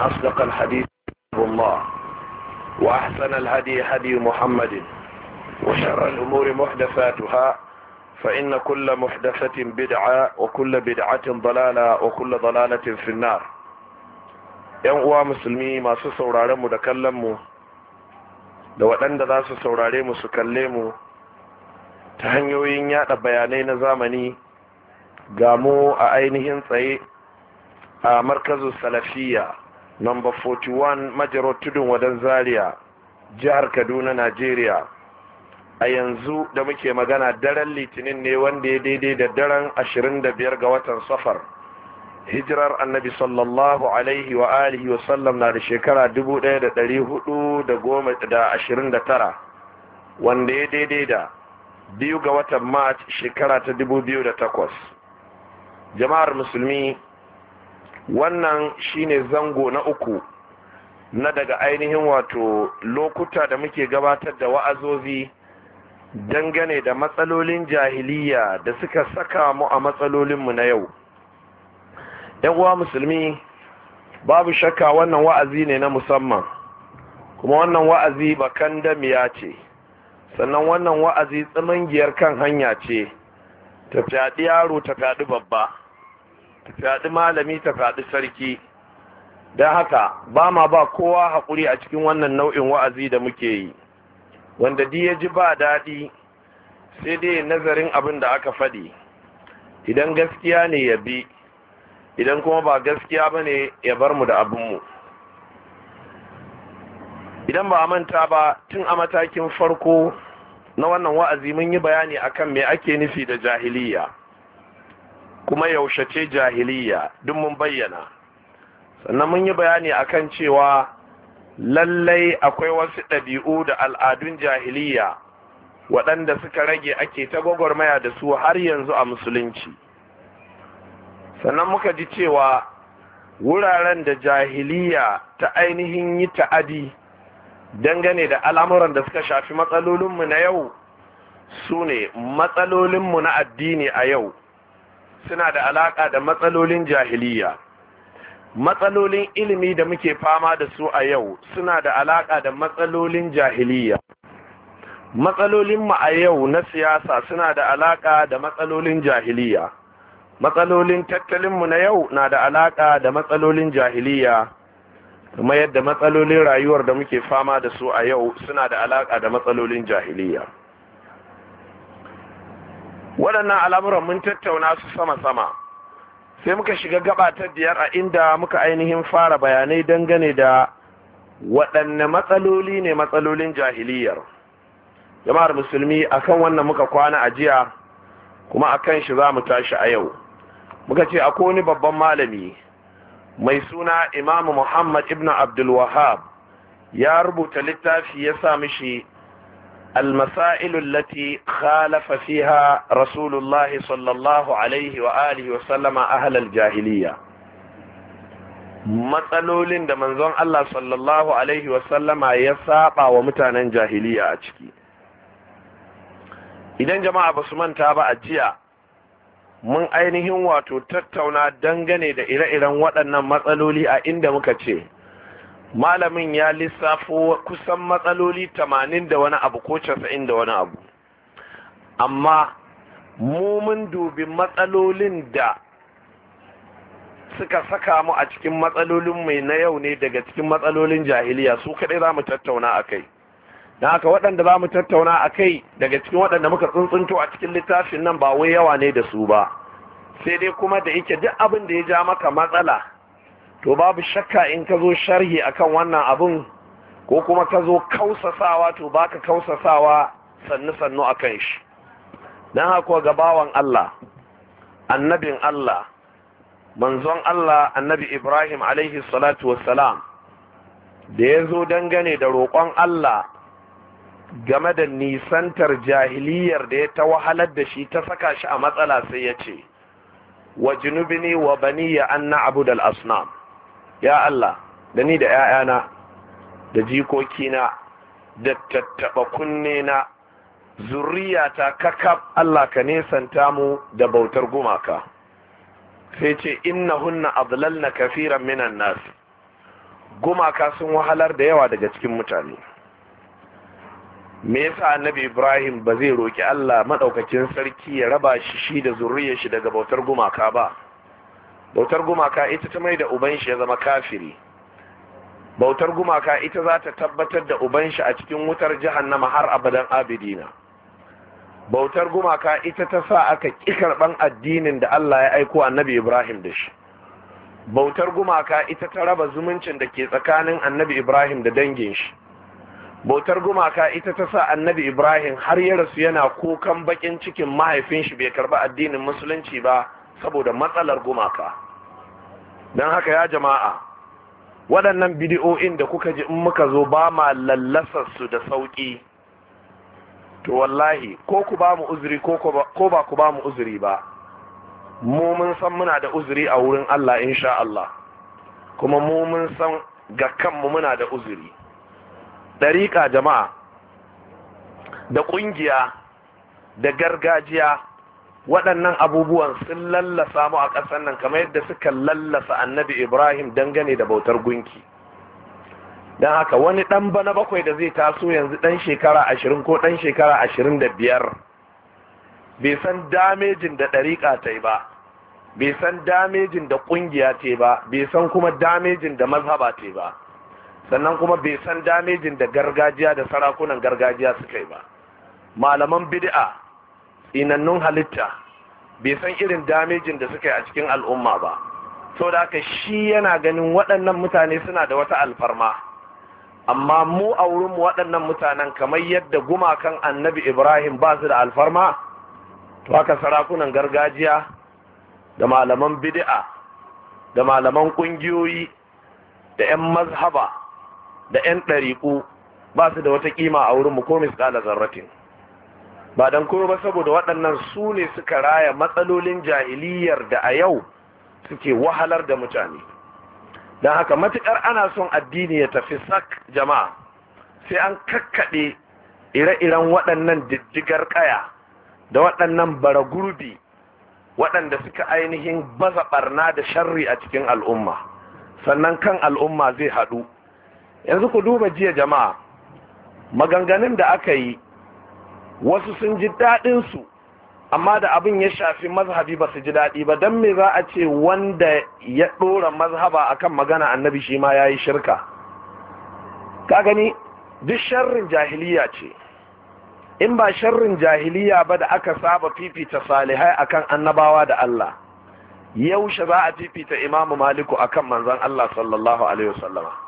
أصدق الحديث الله وأحسن الهدي هدي محمد وشر الأمور محدثاتها فإن كل محدثة بدعة وكل بدعة ضلالة وكل ضلالة في النار ينقوى مسلمي ما سسور عرم دكلم لو أن ذا سسور عرم سكلم تهنيو إنيا تبيانين زامني قاموا أعينهم سيء آه، مركز السلفيه number 41 majaro tudun wadan zaria jihar kaduna najeriya a yanzu da muke magana daren litinin ne wanda ya daidai da daren 25 ga watan safar hijirar annabi sallallahu alaihi wa alihi wa sallam na da shekara 1429 wanda ya daidai da biyu ga watan march shekara ta 2008 jama'ar musulmi wannan shine zango na uku na daga ainihin wato lokuta da muke gabatar da wa'azozi dangane da matsalolin jahiliya da suka saka mu a matsalolinmu na yau uwa musulmi babu shakka wannan wa'azi ne na musamman kuma wannan wa'azi bakan damiya ce sannan wannan wa'azi tsamangiyar kan hanya ce ta fyaɗi yaro ta fyaɗi babba ta malami ta fyaɗi sarki don haka ba ma ba kowa haƙuri a cikin wannan nau'in wa'azi da muke yi wanda di ya ji ba daɗi sai dai nazarin abin da aka faɗi idan gaskiya ne ya bi idan kuma ba gaskiya ba ne ya bar mu da abinmu idan ba a manta ba tun a matakin farko na wannan wa'azi mun yi bayani akan me ake nufi da jahiliya kuma yaushe ce jahiliya duk mun bayyana sannan mun yi bayani akan cewa lallai akwai wasu ɗabi'u da al'adun jahiliya waɗanda suka rage ake ta gwagwarmaya da su har yanzu a musulunci sannan muka ji cewa wuraren da jahiliya ta ainihin yi ta'adi dangane da al'amuran da suka shafi matsalolinmu na yau su ne matsalolinmu na addini a yau suna da alaka da matsalolin jahiliya matsalolin ilimi da muke fama da su a yau suna da alaka da matsalolin jahiliya matsalolin mu a yau na siyasa suna da alaka da matsalolin jahiliya matsalolin tattalinmu na yau na da alaka da matsalolin jahiliya kuma yadda matsalolin rayuwar da muke fama da su a yau suna da alaka da matsalolin jahiliya waɗannan al'amuran mun tattauna su sama-sama sai muka shiga gaba ta biyar a inda muka ainihin fara bayanai dangane da waɗanne matsaloli ne matsalolin jahiliyar jama'ar musulmi akan wannan muka kwana a jiya kuma akan shi za mu tashi a yau muka ce akwai wani babban malami mai suna imamu muhammad ibn Abdulwahab, ya rubuta littafi ya sa mishi المسائل التي خالف فيها رسول الله صلى الله عليه وآله وسلم أهل الجاهلية matsalolin da manzon Allah sallallahu Alaihi wasallama ya saɓa wa mutanen jahiliya a ciki idan jama'a ba su manta ba a jiya mun ainihin wato tattauna dangane da ire-iren waɗannan matsaloli a inda muka ce malamin ya lissafo kusan matsaloli tamanin da wani abu ko casa'in da wani abu amma mu dubi matsalolin da suka saka mu a cikin matsalolin mai na yau ne daga cikin matsalolin jahiliya su kaɗai za mu tattauna a kai da haka waɗanda za mu tattauna a kai daga cikin waɗanda muka tsuntsunto a cikin littafin nan ba wai yawa ne da su ba sai dai kuma da yake duk abin da ya ja maka matsala to babu shakka in ka zo sharhi akan wannan abun ko kuma ka zo kausasawa to baka kausasawa sannu sannu akan shi dan haka ga bawan Allah annabin Allah manzon Allah annabi Ibrahim alaihi salatu wassalam da ya zo dangane da roƙon Allah game da nisantar jahiliyar da ya ta wahalar da shi ta saka shi a matsala sai ya ce wa junubini wa baniya an na'budal asnam ya Allah da ni da ‘ya'yana da jikokina da tattaɓa kunnena ta kakaf Allah ka nesanta mu da bautar gumaka sai ce inna hunna adlalna kafiran minan nas gumaka sun wahalar da yawa daga cikin mutane me yasa annabi Ibrahim ba zai roki Allah madaukakin sarki ya raba shi shi da zuriyar shi daga bautar gumaka ba bautar gumaka ita ta mai da ubanshi ya zama kafiri bautar gumaka ita za ta tabbatar da ubanshi a cikin wutar jahannama har abadan abidina bautar gumaka ita ta sa aka ƙi karɓan addinin da Allah ya aiko annabi Ibrahim da shi bautar gumaka ita ta raba zumuncin da ke tsakanin annabi Ibrahim da dangin shi bautar gumaka ita ta sa annabi Ibrahim har ya rasu yana kokan bakin cikin mahaifin shi bai karɓi addinin musulunci ba saboda matsalar gumaka don haka ya jama'a waɗannan bidiyo'in da kuka ji in muka zo ba ma su da sauƙi to wallahi ko ku ba mu uzuri ko ba ku ba mu uzuri ba mu mun san muna da uzuri a wurin Allah insha Allah kuma mu mun san ga kanmu muna da uzuri ɗariƙa jama'a da ƙungiya da gargajiya waɗannan abubuwan sun lallasa mu a ƙasar nan kamar yadda suka lallasa annabi ibrahim dangane da bautar gunki don haka wani ɗan bana bakwai da zai taso yanzu ɗan shekara ashirin ko ɗan shekara ashirin da biyar bai san damejin da ɗariƙa ta yi ba bai san damejin da ƙungiya ta ba bai san kuma damejin da mazhaba ta ba sannan kuma bai san damejin da gargajiya da sarakunan gargajiya suka yi ba malaman bid'a inannun halitta bai san irin damejin da suka yi a cikin al'umma ba sau da aka shi yana ganin waɗannan mutane suna da wata alfarma amma mu a wurinmu waɗannan mutanen kamar yadda gumakan annabi ibrahim ba su da alfarma to haka sarakunan gargajiya da malaman bid'a da malaman ƙungiyoyi da 'yan mazhaba da 'yan ɗariƙu ba su da wata ƙima a wurin wurinmu ko misƙala zarratin ba dan kuma ba saboda waɗannan su ne suka raya matsalolin jahiliyar da a yau suke wahalar da mutane don haka matukar ana son addini ya tafi sak jama'a sai an kakkaɗe ire-iren waɗannan diddigar ƙaya da waɗannan baragurbi waɗanda suka ainihin baza ɓarna da sharri a cikin al'umma sannan kan al'umma zai haɗu yanzu ku duba jiya jama'a maganganun da aka yi wasu sun ji daɗinsu amma da abin ya shafi mazhabi ba su ji daɗi ba don me za a ce wanda ya ɗora mazhaba akan magana annabi shi ma ya yi shirka ka gani duk sharrin jahiliya ce in ba sharrin jahiliya ba da aka saba fifita salihai akan annabawa da Allah yaushe za a fifita imamu maliku akan manzon Allah sallallahu alaihi wasallama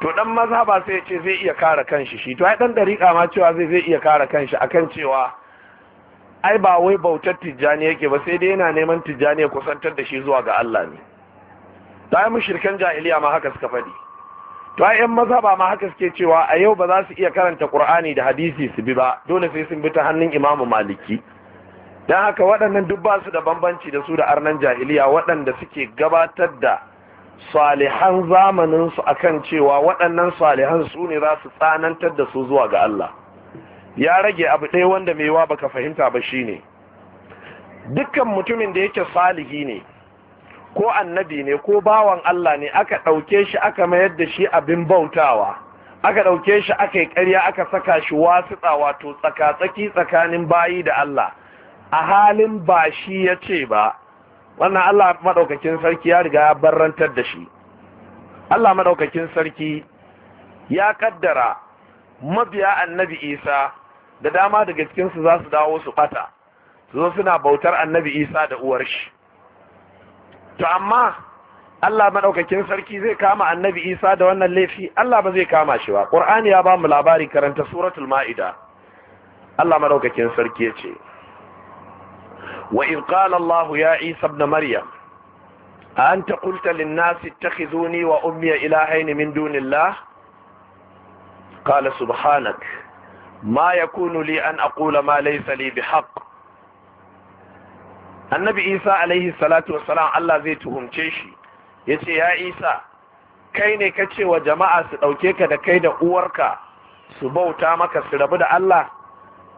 to dan ba sai ya ce zai iya kare kanshi shi to ai dan dariƙa ma cewa zai zai iya kare kanshi akan cewa ai ba wai bautar tijjani yake ba sai dai yana neman tijjani ya kusantar da shi zuwa ga Allah ne ta yi mushrikan jahiliya ma haka suka faɗi to ai yan ba ma haka suke cewa a yau ba za su iya karanta Qur'ani da hadisi su bi ba dole sai sun bi ta hannun Imam Maliki dan haka waɗannan duk ba su da bambanci da su da arnan jahiliya waɗanda suke gabatar da salihan zamaninsu akan cewa waɗannan salihan su ne za su tsanantar da su zuwa ga Allah ya rage abu ɗaya wanda maiwa baka fahimta ba shi ne. dukkan mutumin da yake salihi ne ko annabi ne ko bawan Allah ne aka ɗauke shi aka mayar da shi abin bautawa aka ɗauke shi aka yi ƙarya aka saka shi wasitsa, wato tsaka-tsaki tsakanin bayi da Allah a halin ba shi ya ce ba wannan Allah maɗaukakin sarki ya riga ya barrantar da shi Allah maɗaukakin sarki ya kaddara mabiya annabi Isa da dama daga cikin su za su dawo su bata su zo suna bautar annabi Isa da uwar shi to amma Allah madaukakin sarki zai kama annabi Isa da wannan laifi Allah ba zai kama shi ba Ƙur'ani ya ba mu labari karanta suratul Ma'ida Allah maɗaukakin sarki ya ce wa in qala Allah ya Isa ibn Maryam أنت قلت للناس اتخذوني وأمي إلهين من دون الله قال سبحانك ما يكون لي أن أقول ما ليس لي بحق annabi isa alaihi salatu wassalam Allah zai tuhumce shi ya ce ya isa kai ne ka ce wa jama'a su ɗauke ka da kai da uwarka su bauta maka su rabu da Allah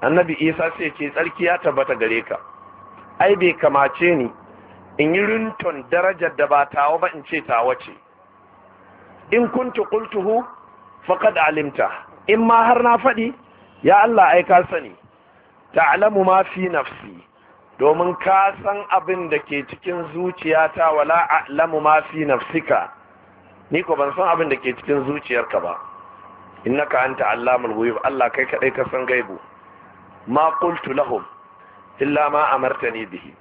annabi isa sai ce tsarki ya tabbata gare ka ai bai kamace ni in yi rinton darajar da ba tawa ba in ce tawa ce in kuntu qultuhu faqad alimta in ma har na faɗi ya Allah ai ka sani ta'lamu ma fi nafsi domin ka san abin da ke cikin zuciyata wala a'lamu ma fi nafsika ni ko ban san abin da ke cikin zuciyarka ba innaka anta allamul ghuyub Allah kai kadai ka san gaibu ma qultu lahum illa ma amarta ne bihi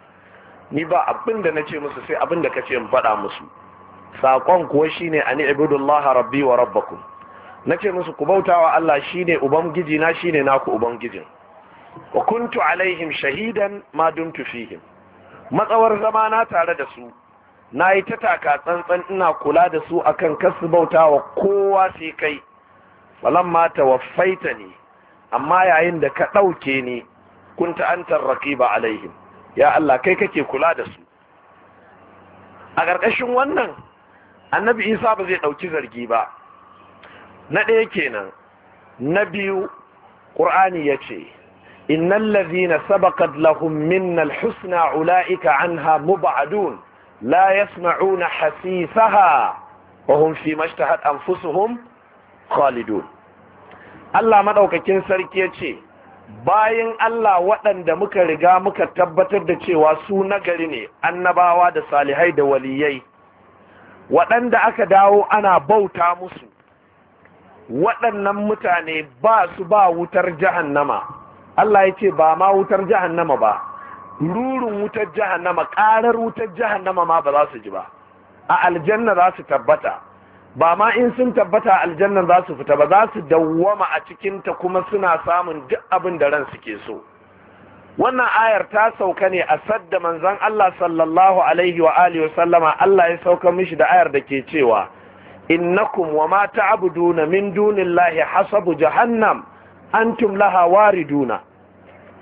ni ba abin da nace musu sai abin da ce in faɗa musu sakon kuwa shine ani ibudullah rabbi wa Na nace musu ku bautawa Allah shine ubangiji na shine naku ubangijin wa kuntu alaihim shahidan ma dumtu fihim matsawar zama na tare da su na yi ta taka tsantsan ina kula da su akan kasu bauta wa kowa sai kai Mata waffaita ne amma yayin da ka ɗauke ne. kunta antar raqiba alaihim ya Allah kai kake kula da su a ƙarƙashin wannan annabi isa ba zai ɗauki zargi ba na ɗaya kenan na biyu ƙur'ani ya ce innan lazina sabakat lahum minnal husna ula'ika anha mubadun la yasma'una hasisaha wa hum fi mashtahat anfusuhum khalidun Allah madaukakin sarki ya ce bayan Allah waɗanda muka riga muka tabbatar da cewa su nagari ne annabawa da salihai da waliyai waɗanda aka dawo ana bauta musu waɗannan mutane ba su ba wutar jahannama Allah ya ce ba ma wutar jahannama ba rurin wutar jahannama ƙarar wutar jahannama ma ba za su ji ba a aljanna za su tabbata ba ma in sun tabbata aljannan za su fita ba za su dawwama a cikinta kuma suna samun duk abin da ran suke so wannan ayar ta sauka ne a sadda manzon Allah sallallahu alaihi wa alihi sallama Allah ya sauka mishi da ayar da ke cewa innakum wa ma ta'buduna min dunillahi hasabu jahannam antum laha wariduna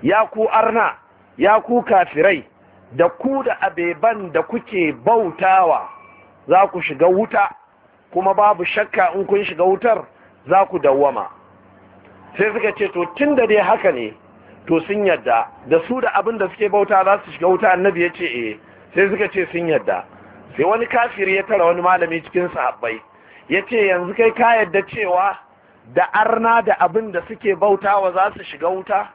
ya ku arna ya ku kafirai da ku da abeban da kuke bautawa za ku shiga wuta kuma babu shakka in kun shiga wutar za ku dawwama sai suka ce to tun da dai haka ne to sun yadda da su da abin da suke bauta za su shiga wuta annabi ya ce eh sai suka ce sun yadda sai wani kafiri ya tara wani malami cikin sahabbai ya ce yanzu kai ka yadda cewa da arna da abin da suke bautawa za su shiga wuta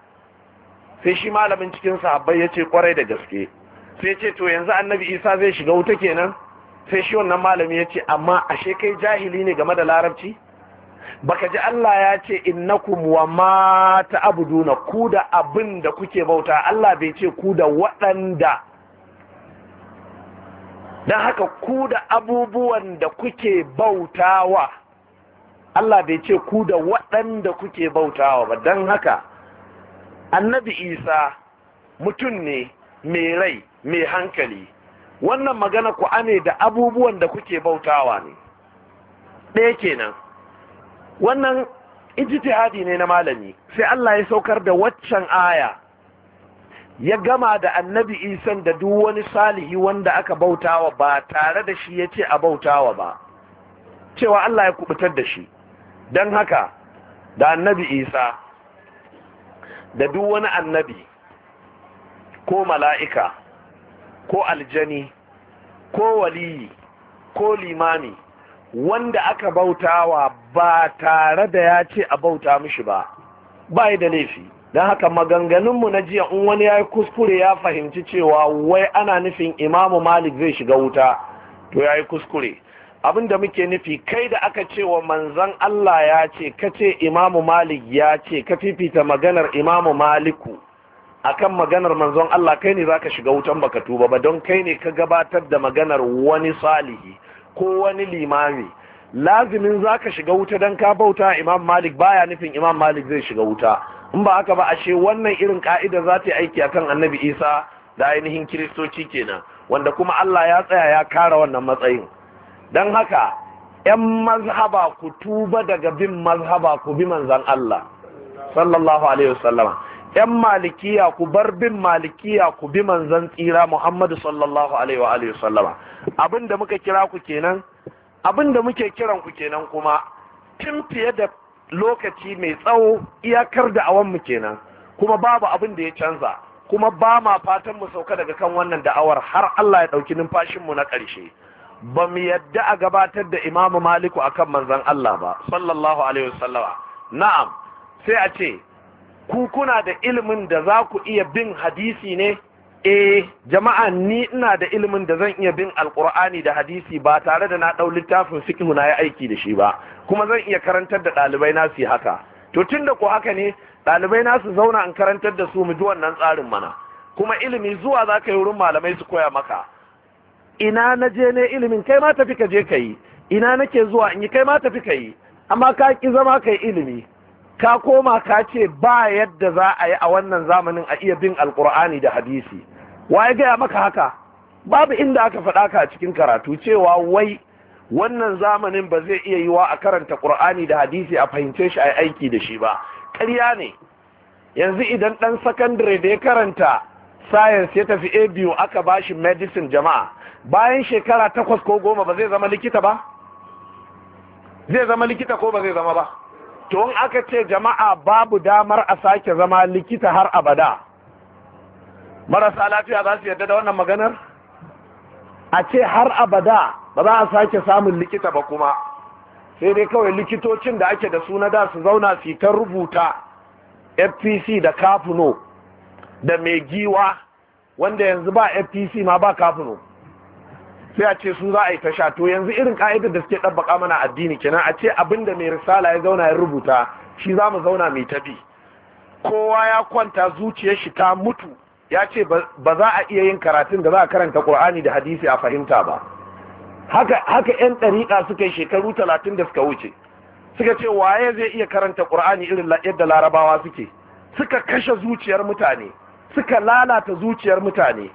sai shi malamin cikin sahabbai ya ce kwarai da gaske sai ce to yanzu annabi isa zai shiga wuta kenan sai shi wannan malami ya ce amma ashe kai jahili ne game da larabci baka ji Allah ya ce innakum wa ma ta'buduna ku da abin da kuke bauta Allah bai ce ku da waɗanda dan haka ku da abubuwan da kuke bautawa Allah bai ce ku da waɗanda kuke bautawa ba dan haka annabi Isa mutum ne mai rai mai hankali wannan magana ku ame da abubuwan da kuke bautawa ne ɗaya kenan wannan ijtihadi ne na malami sai Allah ya saukar da waccan aya ya gama da annabi Isa da duk wani salihi wanda aka bautawa ba tare da shi ya ce a bautawa ba cewa Allah ya kubutar da shi don haka da annabi isa da duk wani annabi ko mala'ika ko aljani ko waliyi ko limami wanda aka bautawa ba tare da ya ce a bauta mishi ba ba da laifi don haka maganganunmu na jiya in wani ya yi kuskure ya fahimci cewa wai ana nufin imamu malik zai shiga wuta to ya yi kuskure abin da muke nufi kai da aka ce wa manzan Allah ya ce ka ce imamu malik ya ce ka fifita maganar imamu maliku akan maganar manzon Allah kai ne zaka shiga wutan baka tuba ba don kai ne ka gabatar da maganar wani salihi ko wani limami lazimin zaka shiga wuta don ka bauta Imam Malik baya nufin Imam Malik zai shiga wuta in ba haka ba ashe wannan irin ka'ida za ta yi aiki akan Annabi Isa da ainihin Kiristoci kenan wanda kuma Allah ya tsaya ya kara wannan matsayin don haka 'yan mazhaba ku tuba daga bin mazhaba ku bi manzon Allah sallallahu alaihi wasallama 'yan malikiya ku bar bin malikiya ku bi manzan tsira Muhammadu sallallahu alaihi wa alihi sallama abin da muka kira ku kenan abin da muke kiran ku kenan kuma tun fiye da lokaci mai tsawo iyakar da awan mu kenan kuma babu abin da ya canza kuma ba ma fatan mu sauka daga kan wannan da'awar har Allah ya ɗauki numfashin mu na ƙarshe ba mu yadda a gabatar da Imam Maliku akan manzan Allah ba sallallahu alaihi wasallama na'am sai a ce ku kuna da ilimin da za ku iya bin hadisi ne eh jama'a ni ina da ilimin da zan iya bin alkur'ani da hadisi ba tare da na ɗau littafin fiqhu na yi aiki da shi ba kuma zan iya karantar da ɗalibai na su haka to tunda ku haka ne ɗalibai na su zauna in karantar da su mu ji wannan tsarin mana kuma ilimi zuwa za ka yi wurin malamai su koya maka ina na je ne ilimin kai ma tafi ka je ka yi ina nake zuwa in yi kai ma tafi ka yi amma ka ki zama ka ilimi ka koma ka ce ba yadda za a yi a wannan zamanin a iya bin alkur'ani da hadisi Wa ya gaya maka haka babu inda aka faɗa ka a cikin karatu cewa wai wannan zamanin ba zai iya yiwa a karanta ƙur'ani da hadisi a fahimce shi a yi aiki da shi ba ƙarya ne yanzu idan ɗan sakandare da ya karanta science ya tafi abu aka ba shi medicine jama'a bayan shekara takwas ko goma ba zai zama likita ba zai zama likita ko ba zai zama ba to in aka ce jama'a babu damar a sake zama likita har abada marasa lafiya za su yarda da wannan maganar a ce har abada ba za a sake samun likita ba kuma sai dai kawai likitocin da ake da su na da su zauna su ta rubuta fpc da kafuno da mai giwa wanda yanzu ba fpc ma ba kafuno sai a ce su za a yi tasha to yanzu irin ka'idar da suke ɗabbaƙa mana addini kenan a ce abin da mai risala ya zauna ya rubuta shi za mu zauna mai tabi kowa ya kwanta zuciyar shi ta mutu ya ce ba za a iya yin karatun da za a karanta ƙur'ani da hadisi a fahimta ba haka 'yan ɗariƙa suka yi shekaru talatin da suka wuce suka ce waye zai iya karanta ƙur'ani irin yadda larabawa suke suka kashe zuciyar mutane suka lalata zuciyar mutane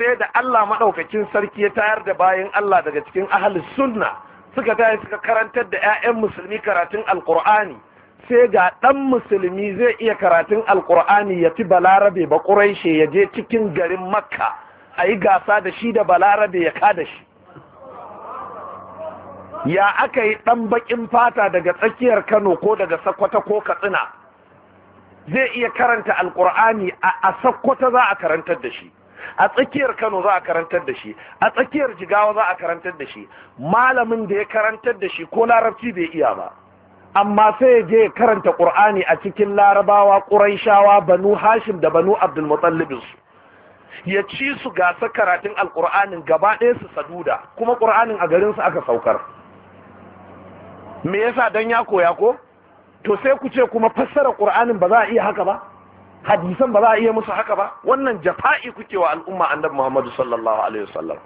sai da Allah maɗaukacin sarki ya tayar da bayan Allah daga cikin ahalin sunna suka tayar suka karantar da 'ya'yan musulmi karatun alkur'ani sai ga ɗan musulmi zai iya karatun alkur'ani ya fi balarabe ba ƙuraishe ya je cikin garin makka a yi gasa da shi da balarabe ya kada shi ya aka yi ɗan baƙin fata daga tsakiyar kano ko daga sakwata ko katsina zai iya karanta alkur'ani a sakwata za a karantar da shi a tsakiyar Kano za a karantar da shi a tsakiyar Jigawa za a karantar da shi malamin da ya karantar da shi ko larabci bai iya ba amma sai ya je karanta Qur'ani a cikin Larabawa Quraishawa Banu Hashim da Banu Abdul Muttalib ya ci su gasa karatun Alƙur'anin gaba ɗaya su saduda kuma Qur'anin a garin su aka saukar me yasa dan ya koya ko to sai ku ce kuma fassara Qur'anin ba za a iya haka ba hadisan ba za a iya musu haka ba wannan jafa'i kuke wa al'umma annabi Muhammadu sallallahu alaihi wasallam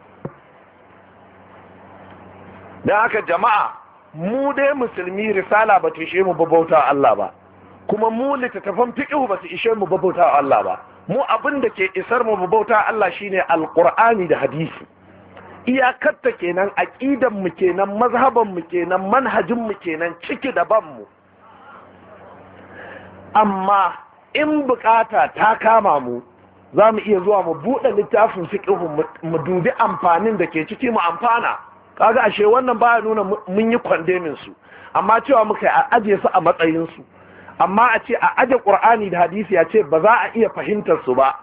dan haka jama'a mu dai musulmi risala ba ta ishe mu babauta Allah ba kuma mu littattafan fiqhu ba su ishe mu babauta Allah ba mu abin da ke isar mu babauta Allah shine alqur'ani da hadisi iyakarta kenan aqidan mu kenan mazhaban mu kenan manhajin mu kenan ciki da ban mu amma in bukata ta kama mu za mu iya zuwa mu buɗe littafin fiƙihun mu dubi amfanin da ke ciki mu amfana kaga ashe wannan baya nuna mun yi kwandemin su amma cewa muka a aje su a matsayin su amma a ce a aje qur'ani da hadisi ya ce ba za a iya fahimtar su ba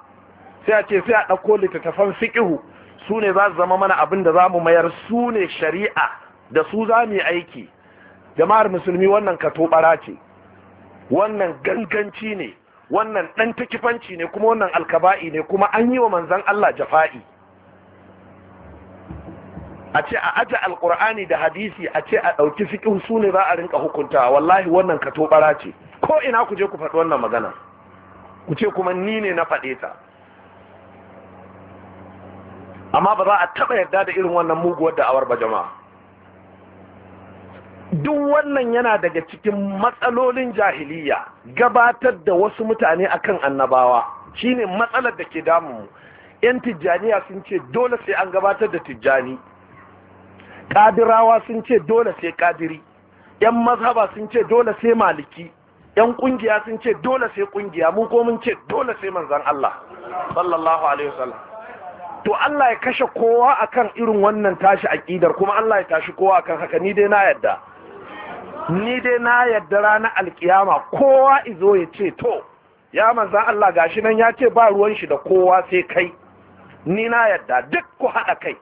sai a ce sai a ɗauko littattafan fiƙihu su ne za su zama mana abin da za mu mayar su ne shari'a da su za mu yi aiki jama'ar musulmi wannan katobara ce wannan ganganci ne wannan ɗan tikifanci ne kuma wannan alkaba'i ne kuma an yi wa manzan Allah jafa'i a ce a aje alkur'ani da hadisi a ce a ɗauki fikin su ne za a rinka hukunta wallahi wannan ka ɓara ce ko ina ku je ku faɗi wannan magana ku ce kuma ni ne na faɗe ta amma ba za a taɓa yarda da irin wannan muguwar da'awar ba jama'a duk wannan yana daga cikin matsalolin jahiliya gabatar da wasu mutane akan annabawa shine matsalar da ke damu yan tijjaniya sun ce dole sai an gabatar da tijjani kadirawa sun ce dole sai kadiri yan mazhaba sun ce dole sai maliki yan ƙungiya sun ce dole sai kungiya mu ko mun ce dole sai manzon Allah sallallahu alaihi wasallam to Allah ya kashe kowa akan irin wannan tashi aƙidar kuma Allah ya tashi kowa akan haka ni dai na yadda ni dai na yadda ranar alkiyama kowa izo ya ce to ya manzan Allah ga shi nan ya ce ba ruwan shi da kowa sai kai ni na yadda duk ku haɗa kai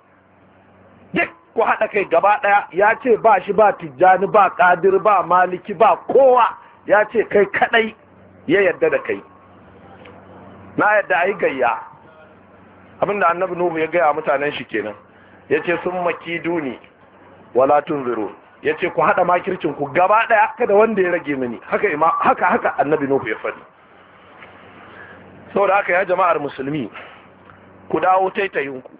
duk ku haɗa kai gaba ɗaya ya ce ba shi ba tijjani ba ƙadir ba maliki ba kowa ya ce kai kaɗai ya yadda da kai na yadda a yi gayya abinda annabi nuhu ya gaya mutanen shi kenan ya ce sun maki duni wala tun ziro ya ce ku haɗa makircin ku gaba ɗaya kada wanda ya rage mini haka ima haka haka annabi nuhu ya faɗi saboda haka ya jama'ar musulmi ku dawo taitayinku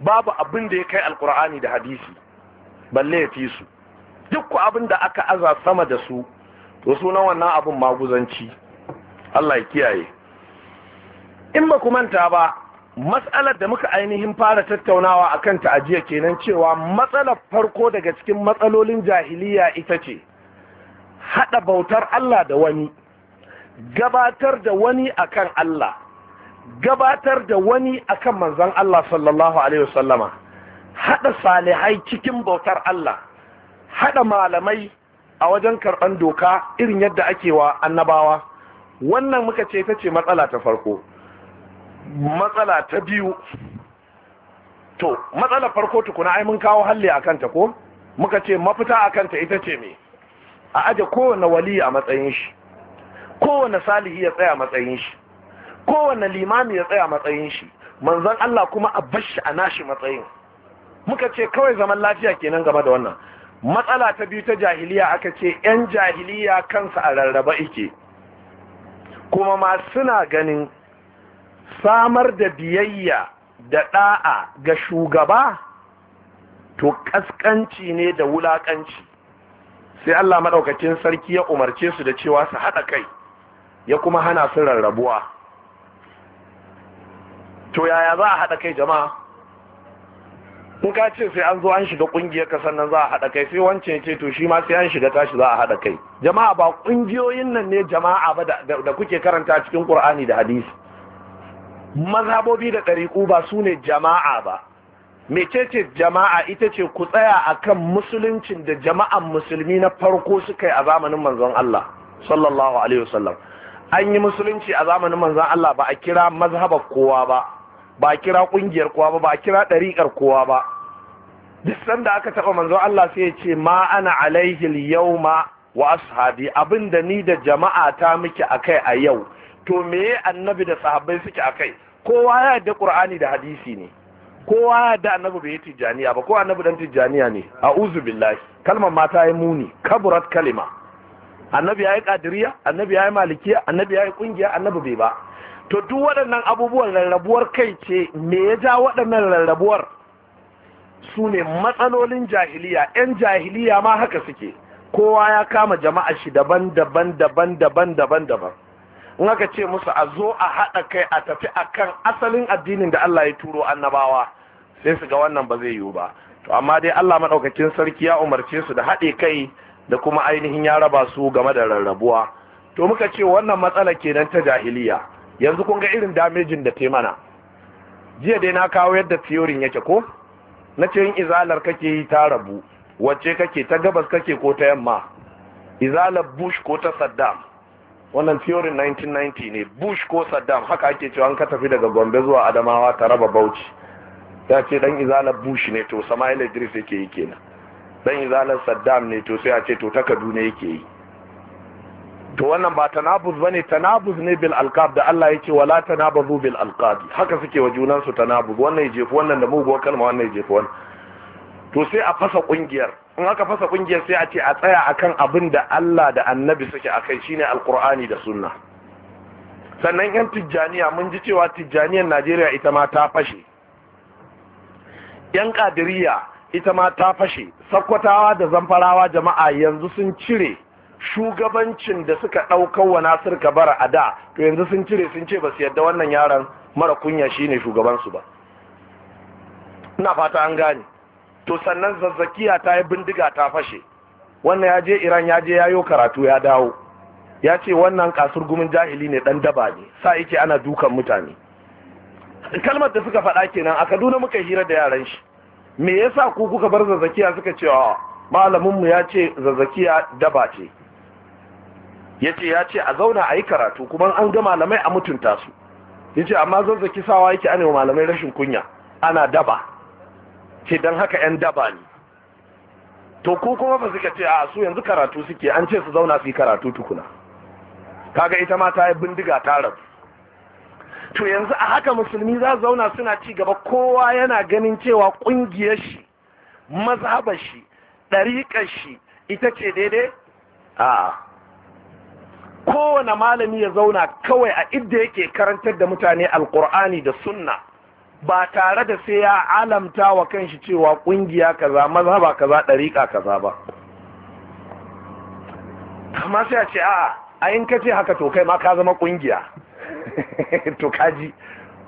babu abin da ya kai alkur'ani da hadisi balle ya fi su duk abin da aka aza sama da su to sunan wannan abin maguzanci Allah ya kiyaye in ba ku manta ba matsalar da muka ainihin fara tattaunawa a kanta a jiya kenan cewa matsalar farko daga cikin matsalolin jahiliya ita ce haɗa bautar Allah da wani gabatar da wani akan Allah gabatar da wani akan manzon Allah sallallahu alaihi wasallama haɗa salihai cikin bautar Allah haɗa malamai a wajen karɓar doka irin yadda ake wa annabawa wannan muka ce ta ce matsala ta farko matsala ta biyu to matsala farko tukuna ai mun kawo halli a kanta ko muka ce mafita a kanta ita ce me a aje kowane wali a matsayin shi kowane salihi ya tsaya matsayin shi kowane limami ya tsaya matsayin shi manzon Allah kuma a bashi a nashi matsayin muka ce kawai zaman lafiya kenan game da wannan matsala ta biyu ta jahiliya aka ce yan jahiliya kansa a rarraba ike kuma ma suna ganin samar da biyayya da ɗa'a ga shugaba to ƙasƙanci ne da wulaƙanci sai Allah maɗaukacin sarki ya umarce su da cewa su haɗa kai ya kuma hana su rarrabuwa to yaya za a haɗa kai jama'a in ka ce sai an zo an shiga ƙungiyar ka sannan za a haɗa kai sai wancan ce to shi ma sai an shiga tashi za a haɗa kai jama'a ba ƙungiyoyin nan ne jama'a ba da kuke karanta cikin ƙur'ani da hadisi mazhabobi da ɗariƙu ba su ne jama'a ba mecece jama'a ita ce ku tsaya akan musuluncin da jama'an musulmi na farko suka yi a zamanin manzon Allah sallallahu alaihi wasallam an yi musulunci a zamanin manzon Allah ba a kira mazhabar kowa ba ba a kira ƙungiyar kowa ba ba a kira ɗariƙar kowa ba duk sanda aka taɓa manzon Allah sai ya ce ma ana alaihi yawma wa ashabi abinda ni da jama'a ta miki kai a yau to meye annabi da sahabbai suke akai kowa ya da qur'ani da hadisi ne kowa ya da annabi bai tijaniya ba ko annabi dan tijaniya ne a'udhu billahi kalmar mata yi muni kaburat kalima annabi yayi kadiriya annabi yayi malikiya annabi yayi kungiya annabi bai ba to duk waɗannan abubuwan rarrabuwar kai ce me ya ja waɗannan rarrabuwar su ne matsalolin jahiliya 'yan jahiliya ma haka suke kowa ya kama jama'a shi daban daban daban daban daban daban ka aka ce musu a zo a haɗa kai a tafi akan asalin addinin da Allah ya turo annabawa sai su ga wannan ba zai yiwu ba to amma dai Allah maɗaukakin sarki ya umarce su da haɗe kai da kuma ainihin ya raba su game da rarrabuwa to muka ce wannan matsala kenan ta jahiliya yanzu kun ga irin damejin da ta mana jiya dai na kawo yadda theorin yake ko na ce yin izalar kake yi ta rabu wacce kake ta gabas kake ko ta yamma izalar bush ko ta saddam wannan theory 1990 ne bush ko saddam haka ake cewa an ka tafi daga gombe zuwa adamawa ta raba bauchi ya ce dan izalar bush ne to samuel idris yake yi kenan dan izalar saddam ne to sai a ce to ta kaduna yake yi to wannan ba tanabuz ne tanabuz ne bil alqab da Allah yake wala tanabuzu bil alqabi haka suke wa junansu su tanabuz wannan ya jefi wannan da muguwar kalma wannan ya jefi wannan to sai a fasa kungiyar in aka fasa kungiyar sai a ce a tsaya akan abin da Allah da annabi suke akai shine alkur'ani da sunna sannan yan tijjaniya mun ji cewa Tijjaniyan Najeriya ita ma ta fashe yan kadiriya ita ma ta fashe sakkwatawa da zamfarawa jama'a yanzu sun cire shugabancin da suka ɗaukar wa Nasir Kabara a da to yanzu sun cire sun ce ba su yadda wannan yaron mara kunya shine su ba ina fata an gane to sannan zazzakiya ta yi bindiga ta fashe wannan ya je iran ya je yayo karatu ya dawo ya ce wannan kasur gumin jahili ne dan daba ne sa yake ana dukan mutane kalmar da suka faɗa kenan a kaduna muka hira da yaran shi me yasa ku kuka bar zazzakiya suka ce malamin malaminmu ya ce zazzakiya daba ce ya ce ya ce a zauna a yi karatu kuma an ga malamai a mutunta su ya ce amma zazzaki sawa yake ana malamai rashin kunya ana daba ce don haka 'yan daba ne to ko kuma ba suka ce a su yanzu karatu suke an ce su zauna su yi karatu tukuna kaga ita ma ta yi bindiga ta to yanzu a haka musulmi za su zauna suna ci gaba kowa yana ganin cewa ƙungiyar shi mazhabar shi ɗariƙar shi ita ce daidai a kowane malami ya zauna kawai a idda yake karantar da mutane alkur'ani da sunna ba tare da sai ya alamta wa kanshi cewa kungiya kaza mazhaba kaza dariƙa kaza ba amma sai a ce a'a a in ka ce haka to kai ma ka zama kungiya to kaji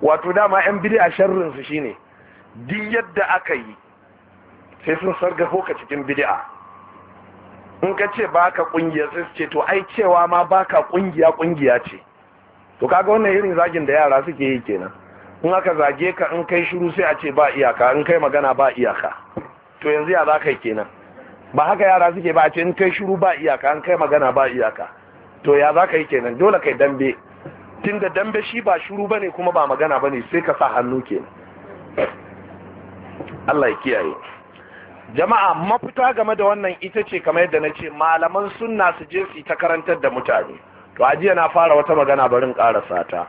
wato dama yan bid'a sharrin su shine duk yadda aka yi sai sun sarga hoka cikin bid'a in ka ce baka kungiya sai su ce to ai cewa ma baka kungiya kungiya ce to kaga wannan irin zagin da yara suke yi kenan in aka zage ka in kai shiru sai a ce ba iyaka in kai magana ba iyaka to yanzu ya za kai kenan ba haka yara suke ba a ce in kai shiru ba iyaka in kai magana ba iyaka to ya za ka yi kenan dole kai dambe tunda dambe shi ba shiru bane kuma ba magana bane sai ka sa hannu kenan Allah ya kiyaye jama'a mafita game da wannan ita ce kamar yadda na ce malaman sunna su je su ta karantar da mutane to jiya na fara wata magana barin ƙara sata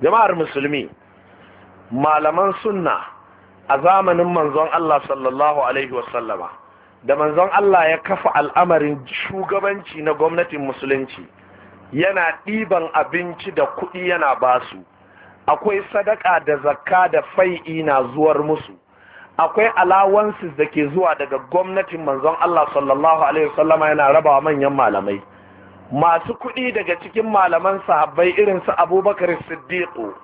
jama'ar musulmi malaman sunna a zamanin manzon Allah sallallahu alaihi wasallama da manzon Allah ya kafa al'amarin shugabanci na gwamnatin musulunci yana ɗiban abinci da kuɗi yana basu akwai sadaka da zakka da fai'i na zuwar musu akwai allowances da ke zuwa daga gwamnatin manzon Allah sallallahu alaihi wasallama yana rabawa manyan malamai masu kuɗi daga cikin malaman sahabbai irinsu Abubakar Siddiqu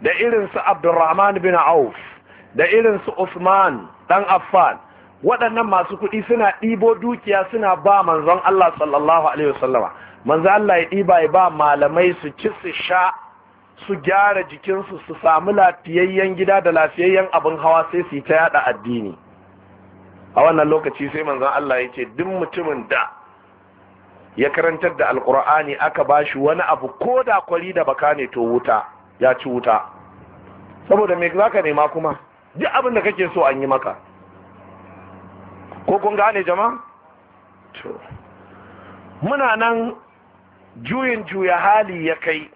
da irinsu abdurrahman bin auf da irinsu usman dan affan waɗannan masu kuɗi suna ɗibo dukiya suna ba manzon Allah sallallahu alaihi wasallama manzon Allah ya ɗiba ya ba malamai su ci su sha su gyara jikinsu su samu lafiyayyen gida da lafiyayyen abin hawa sai su yi ta yada addini a wannan lokaci sai manzon Allah ya ce duk mutumin da ya karantar da alkur'ani aka bashi wani abu ko da kwari da baka ne to wuta ya ci wuta saboda me za ka nema kuma duk abin da kake so an yi maka ko kun gane jama'a muna nan juyin juya hali ya kai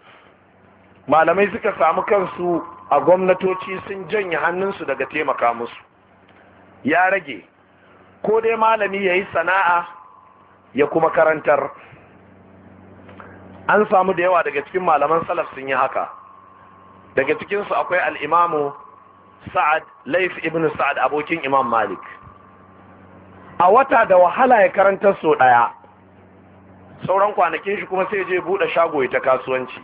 malamai suka samu kansu a gwamnatoci sun janye hannunsu daga taimaka musu ya rage ko dai malami ya yi sana'a ya kuma karantar an samu da yawa daga cikin malaman salaf sun yi haka daga cikinsu akwai al'imamu sa'ad laif ibn sa'ad abokin imam malik a wata da wahala ya karanta so ɗaya sauran kwanakin shi kuma sai je buɗe shago ya ta kasuwanci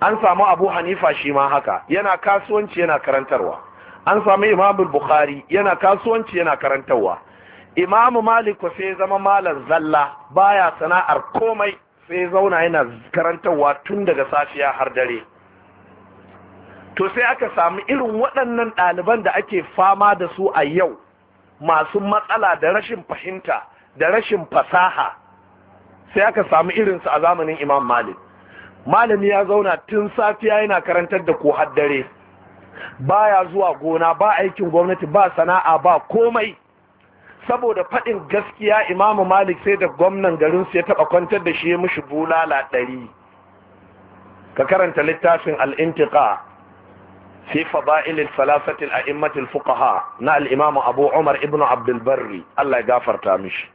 an samu abu hanifa shi ma haka yana kasuwanci yana karantarwa an samu imam bukhari yana kasuwanci yana karantarwa imam malik sai zama malar zalla baya sana'ar komai sai zauna yana karantarwa tun daga safiya har dare to sai aka samu irin waɗannan ɗaliban da ake fama da su a yau masu matsala da rashin fahimta da rashin fasaha sai aka samu irinsu a zamanin imam malik malami ya zauna tun safiya yana karantar da ko haddare baya zuwa gona ba aikin gwamnati ba sana'a ba komai saboda faɗin gaskiya imamu malik sai da gwamnan garinsu ya taɓa kwantar da shi ya mushi bulala ɗari ka karanta littafin al'intiƙa fi fada'il salasati al-a'immat al-fuqaha na al Abu Umar ibn Abd al Allah ya gafarta mishi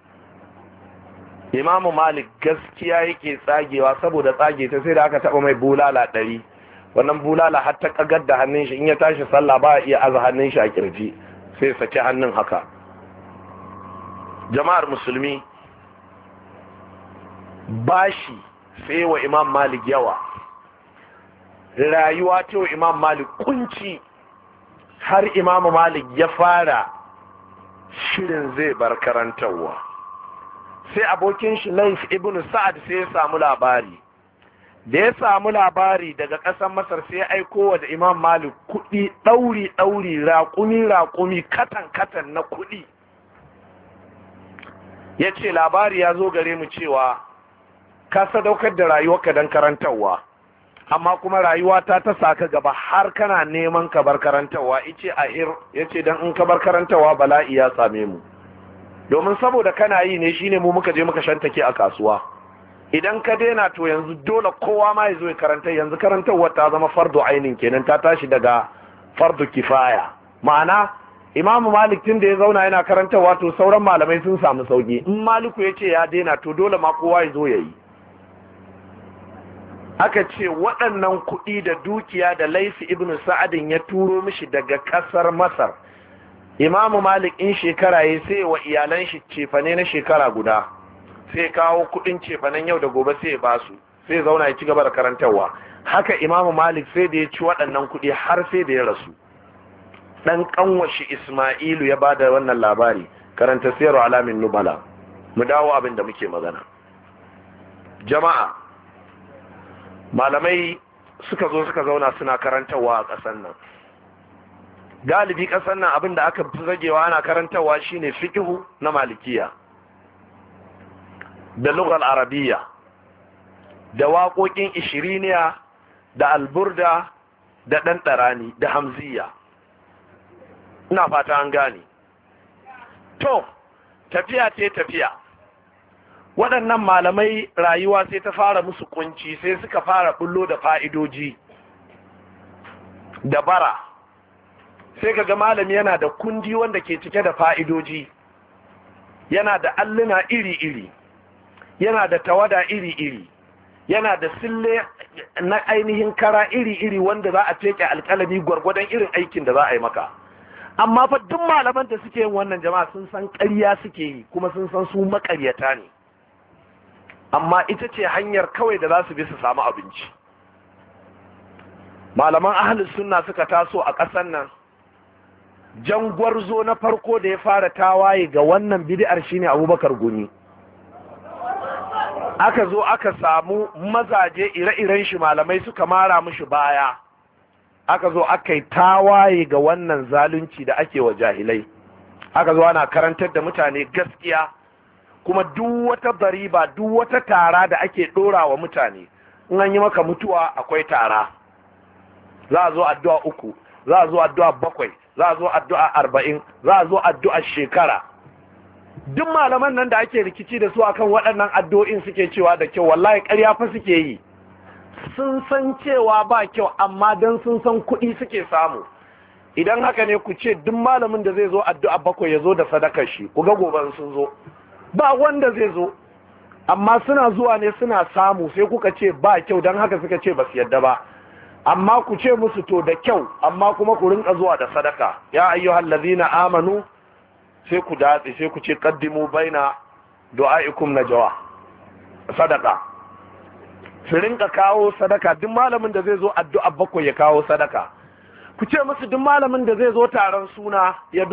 Imam Malik gaskiya yake tsagewa saboda tsage ta sai da aka taba mai bulala ɗari wannan bulala har ta kagar da hannun shi in ya tashi sallah ba iya aza hannun shi a kirji sai saki hannun haka jama'ar musulmi bashi sai wa Imam Malik yawa rayuwa ta imam malik kunci har imam malik ya fara shirin zai bar karantarwa sai abokin shi laif ibn sa'ad sai ya samu labari da ya samu labari daga ƙasar masar sai ya aiko wa da imam malik kuɗi ɗauri ɗauri raƙumi raƙumi katan katan na kuɗi ya ce labari ya zo gare mu cewa ka sadaukar da rayuwa ka don karantarwa amma kuma rayuwa ta ta saka gaba har kana neman ka bar karantawa ice ahir yace dan in ka bar karantawa bala'i ya same mu domin saboda kana yi ne shine mu muka je muka shantake a kasuwa idan ka daina to yanzu dole kowa ma ya zo ya karanta yanzu karantarwa ta zama fardu ainin kenan ta tashi daga fardu kifaya ma'ana imamu malik tun da ya zauna yana karantarwa to sauran malamai sun samu sauki in maliku yace ya daina to dole ma kowa ya zo ya yi aka ce waɗannan kuɗi da dukiya da laifi ibn sa'adin ya turo mishi daga ƙasar masar imamu malik in shekara ya sai wa iyalan shi cefane na shekara guda sai kawo kuɗin cefanen yau da gobe sai ba su sai zauna ya ci gaba da karantarwa haka imamu malik sai da ya ci waɗannan kuɗi har sai da ya rasu ɗan ƙanwashi ismailu ya ba da wannan labari karanta sayarwa alamin nubala mu dawo abin da muke magana jama'a malamai suka zo suka zauna suna karantarwa a ƙasar nan galibi ƙasar nan abin da aka fi zagewa ana karantarwa shine fikihu na malikiya da lughal arabiya da waƙoƙin ishiriniya da alburda da ɗanɗarani da hamziya ina fata an gane to tafiya ce tafiya waɗannan malamai rayuwa sai ta fara musu kunci sai suka fara bullo da fa'idoji da bara sai kaga malami yana da kundi wanda ke cike da fa'idoji yana da alluna iri-iri yana da tawada iri-iri yana da sille na ainihin kara iri-iri wanda za a teke alkalami gwargwadon irin aikin da za a yi maka amma fa duk malaman da suke yin wannan jama'a sun san ƙarya suke yi kuma sun san su makaryata ne amma ita ce hanyar kawai da za su bi su samu abinci malaman ahalin sunna suka taso a ƙasar nan jan Zo na farko da ya fara tawaye ga wannan bid'ar shine abubakar guni aka zo aka samu mazaje ire-iren shi malamai suka mara mushi baya aka zo aka yi tawaye ga wannan zalunci da ake wa jahilai aka zo ana karantar da mutane gaskiya kuma duk wata bariba duk wata tara da ake ɗora wa mutane in an yi maka mutuwa akwai tara za a zo addu'a uku za a zo addu'a bakwai za a zo addu'a arba'in za a zo addu'a shekara duk malaman nan da ake rikici da su akan waɗannan addu'o'in suke cewa da kyau wallahi ƙarya fa suke yi sun san cewa ba kyau amma dan sun san kuɗi suke samu idan haka ne ku ce duk malamin da zai zo addu'a bakwai ya zo da sadakar shi ku ga gobe sun zo ba wanda zai zo amma suna zuwa ne suna samu sai kuka ce ba kyau don haka suka ce ba su yadda ba amma ku ce musu to da kyau amma kuma ku rinka zuwa da sadaka ya ayyuhal ladina amanu sai ku datse sai ku ce qaddimu baina du'aikum najwa sadaka su rinka kawo sadaka duk malamin da zai zo addu'a bakwai ya kawo sadaka ku ce musu duk malamin da zai zo taron suna ya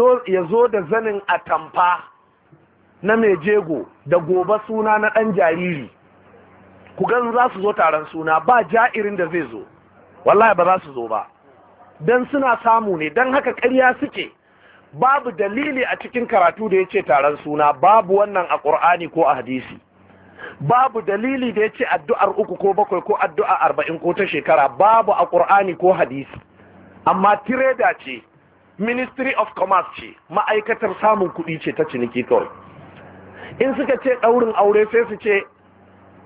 zo da zanin atamfa na mai jego da gobe suna na ɗan jariri ku gan za su zo taron suna ba ja'irin da zai zo wallahi ba za su zo ba don suna samu ne don haka karya suke babu dalili a cikin karatu da ya ce taron suna babu wannan a ƙur'ani ko a hadisi babu dalili da ya ce addu'ar uku ko bakwai ko addu'a arba'in ko ta shekara babu a ƙur'ani ko hadisi amma tireda ce ministry of commerce ce ma'aikatar samun kuɗi ce ta ciniki kawai in suka ce ɗaurin aure sai su ce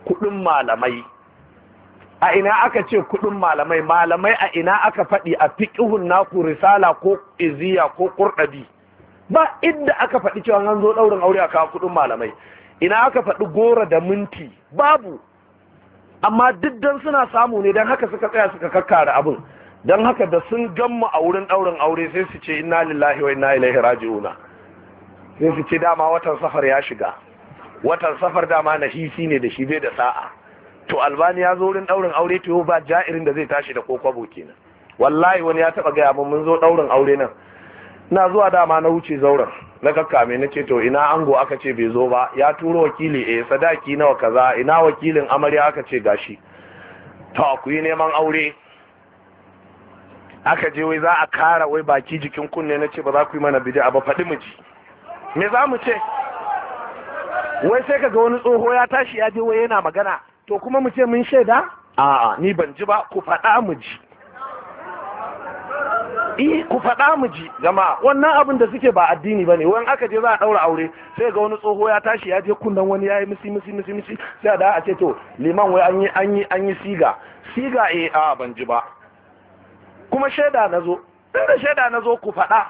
kuɗin malamai a ina aka ce kuɗin malamai malamai a ina aka faɗi a fiƙihun naku risala ko iziya ko ƙurɗabi ba inda aka faɗi cewa an zo ɗaurin aure a kawo kuɗin malamai ina aka faɗi gora da minti babu amma duk don suna samu ne don haka suka tsaya suka kakkara abin don haka da sun gamma a wurin ɗaurin aure sai su ce inna lillahi wa inna ilaihi raji'una sai su ce dama watan safar ya shiga watan safar dama na hisi ne da shi bai da sa'a to albani ya zo wurin daurin aure to ba ja'irin da zai tashi da kokwabo kenan wallahi wani ya taba gaya mun mun zo daurin aure nan na zuwa dama na wuce zauren na kakkame na ce to ina ango aka ce bai zo ba ya turo wakili eh sadaki nawa kaza ina wakilin amarya aka ce gashi to ku yi neman aure aka je wai za a kara wai baki jikin kunne na ce ba za ku yi mana bid'a ba faɗi miji me za mu ce wai sai kaga wani tsoho ya tashi ya je wai yana magana to kuma mu ce mun shaida a'a ni ban ji ba ku faɗa mu ji eh ku faɗa mu ji jama'a wannan abin da suke ba addini bane wani aka je za a ɗaura aure sai ga wani tsoho ya tashi ya je kunnan wani yayi misi misi misi misi sai da a ce to liman wai an yi an yi an yi siga siga eh a ban ji ba kuma shaida nazo inda shaida nazo ku faɗa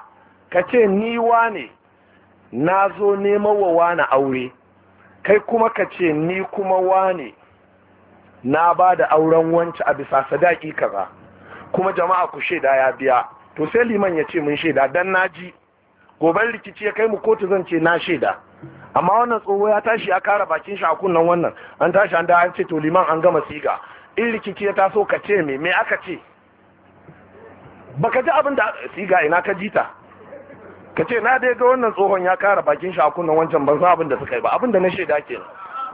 ka ce ni wane na zo neman wa wani aure kai kuma ka ce ni kuma wane na ba da auren wance a bisa sadaki kaza kuma jama'a ku shaida ya biya to sai liman ya ce mun shaida dan naji goben rikici ya kai mu kotu zan ce na shaida amma wannan tsoho ya tashi ya kara bakin shi a kunnan wannan an tashi an da an ce to liman an gama siga in rikici ya taso ka ce me me aka ce baka ji abin da siga ina ka jita ka ce na dai ga wannan tsohon ya kara bakin shi a kunnan wancan ban san abin da suka yi ba abin da na shaida kenan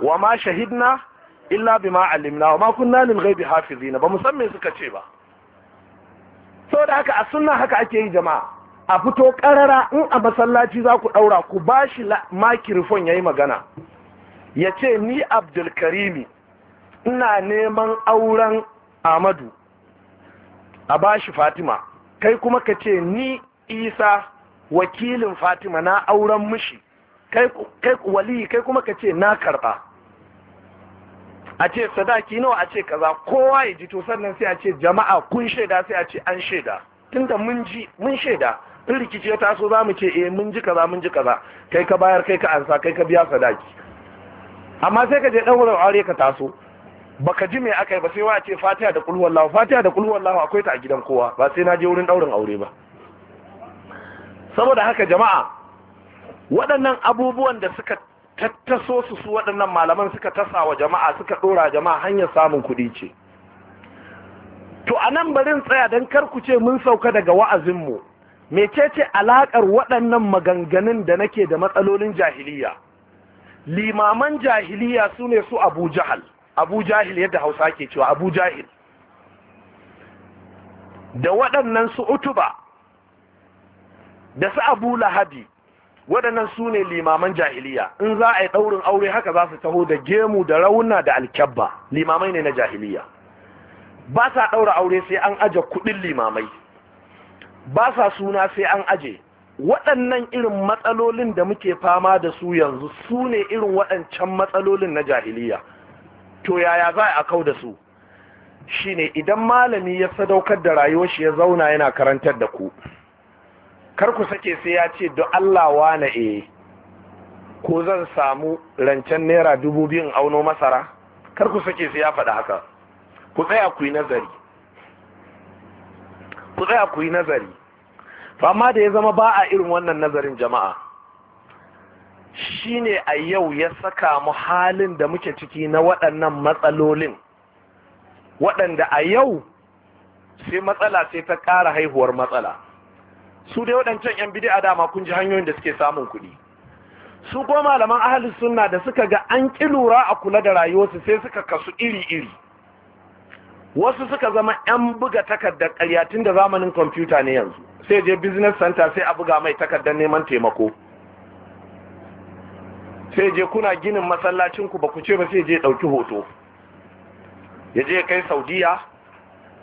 wa ma shahidna illa bima alimna wa ma kunna lil ghaibi hafizina ba musamman suka ce ba da haka a sunna haka ake yi jama'a a fito karara in a masallaci za ku daura ku bashi makirfon yayi magana ya ce ni abdul karimi ina neman auren amadu a bashi fatima kai kuma ka ce ni isa wakilin fatima na auren mishi kai wali kai kuma ka ce na karba a ce sadaki nawa a ce kaza kowa ya ji to sannan sai a ce jama'a kun shaida sai a ce an shaida tunda mun ji mun shaida in rikici ya taso za mu ce eh mun ji kaza mun ji kaza kai ka bayar kai ka ansa kai ka biya sadaki amma sai ka je wurin aure ka taso baka ji me akai ba sai wa ce fatiha da wallahu fatiha da wallahu akwai ta a gidan kowa ba sai na je wurin daurin aure ba saboda haka jama'a waɗannan abubuwan da suka tattaso su su waɗannan malaman suka tasa wa jama'a suka ɗora jama'a hanyar samun kuɗi ce to a nan barin tsaya don ku ce mun sauka daga wa'azinmu mecece alaƙar waɗannan maganganun da nake da matsalolin jahiliya limaman jahiliya su ne su abu jahal abu jahil yadda hausa ke cewa abu jahil da waɗannan su utuba da su abu lahabi waɗannan su ne limaman jahiliya in za a yi ɗaurin aure haka za su taho da gemu da rauna da alkyabba limamai ne na jahiliya ba sa ɗaura aure sai an aje kuɗin limamai ba sa suna sai an aje waɗannan irin matsalolin da muke fama da su yanzu su ne irin waɗancan matsalolin na jahiliya to yaya za a kau da su Shi ne idan malami ya sadaukar da rayuwar shi ya zauna yana karantar da ku kar ku sake sai ya ce don Allah wane e ko zan samu rancen naira dubu biyun auno masara kar ku sake sai ya faɗi haka ku tsaya ku yi nazari ku tsaya ku yi nazari amma da ya zama ba a irin wannan nazarin jama'a shine a yau ya saka mu halin da muke ciki na waɗannan matsalolin waɗanda a yau sai matsala sai ta ƙara haihuwar matsala su dai waɗancan 'yan bid'a dama kun ji hanyoyin da suke samun kuɗi su ko malaman ahalus suna da suka ga an ƙi lura a kula da rayuwarsu sai suka kasu iri-iri wasu suka zama 'yan buga takardar ƙarya tun da zamanin kwamfuta ne yanzu sai je business center sai a buga mai takardar neman taimako sai je kuna ginin masallacinku ba ku ce ba sai je ɗauki hoto ya je kai saudiya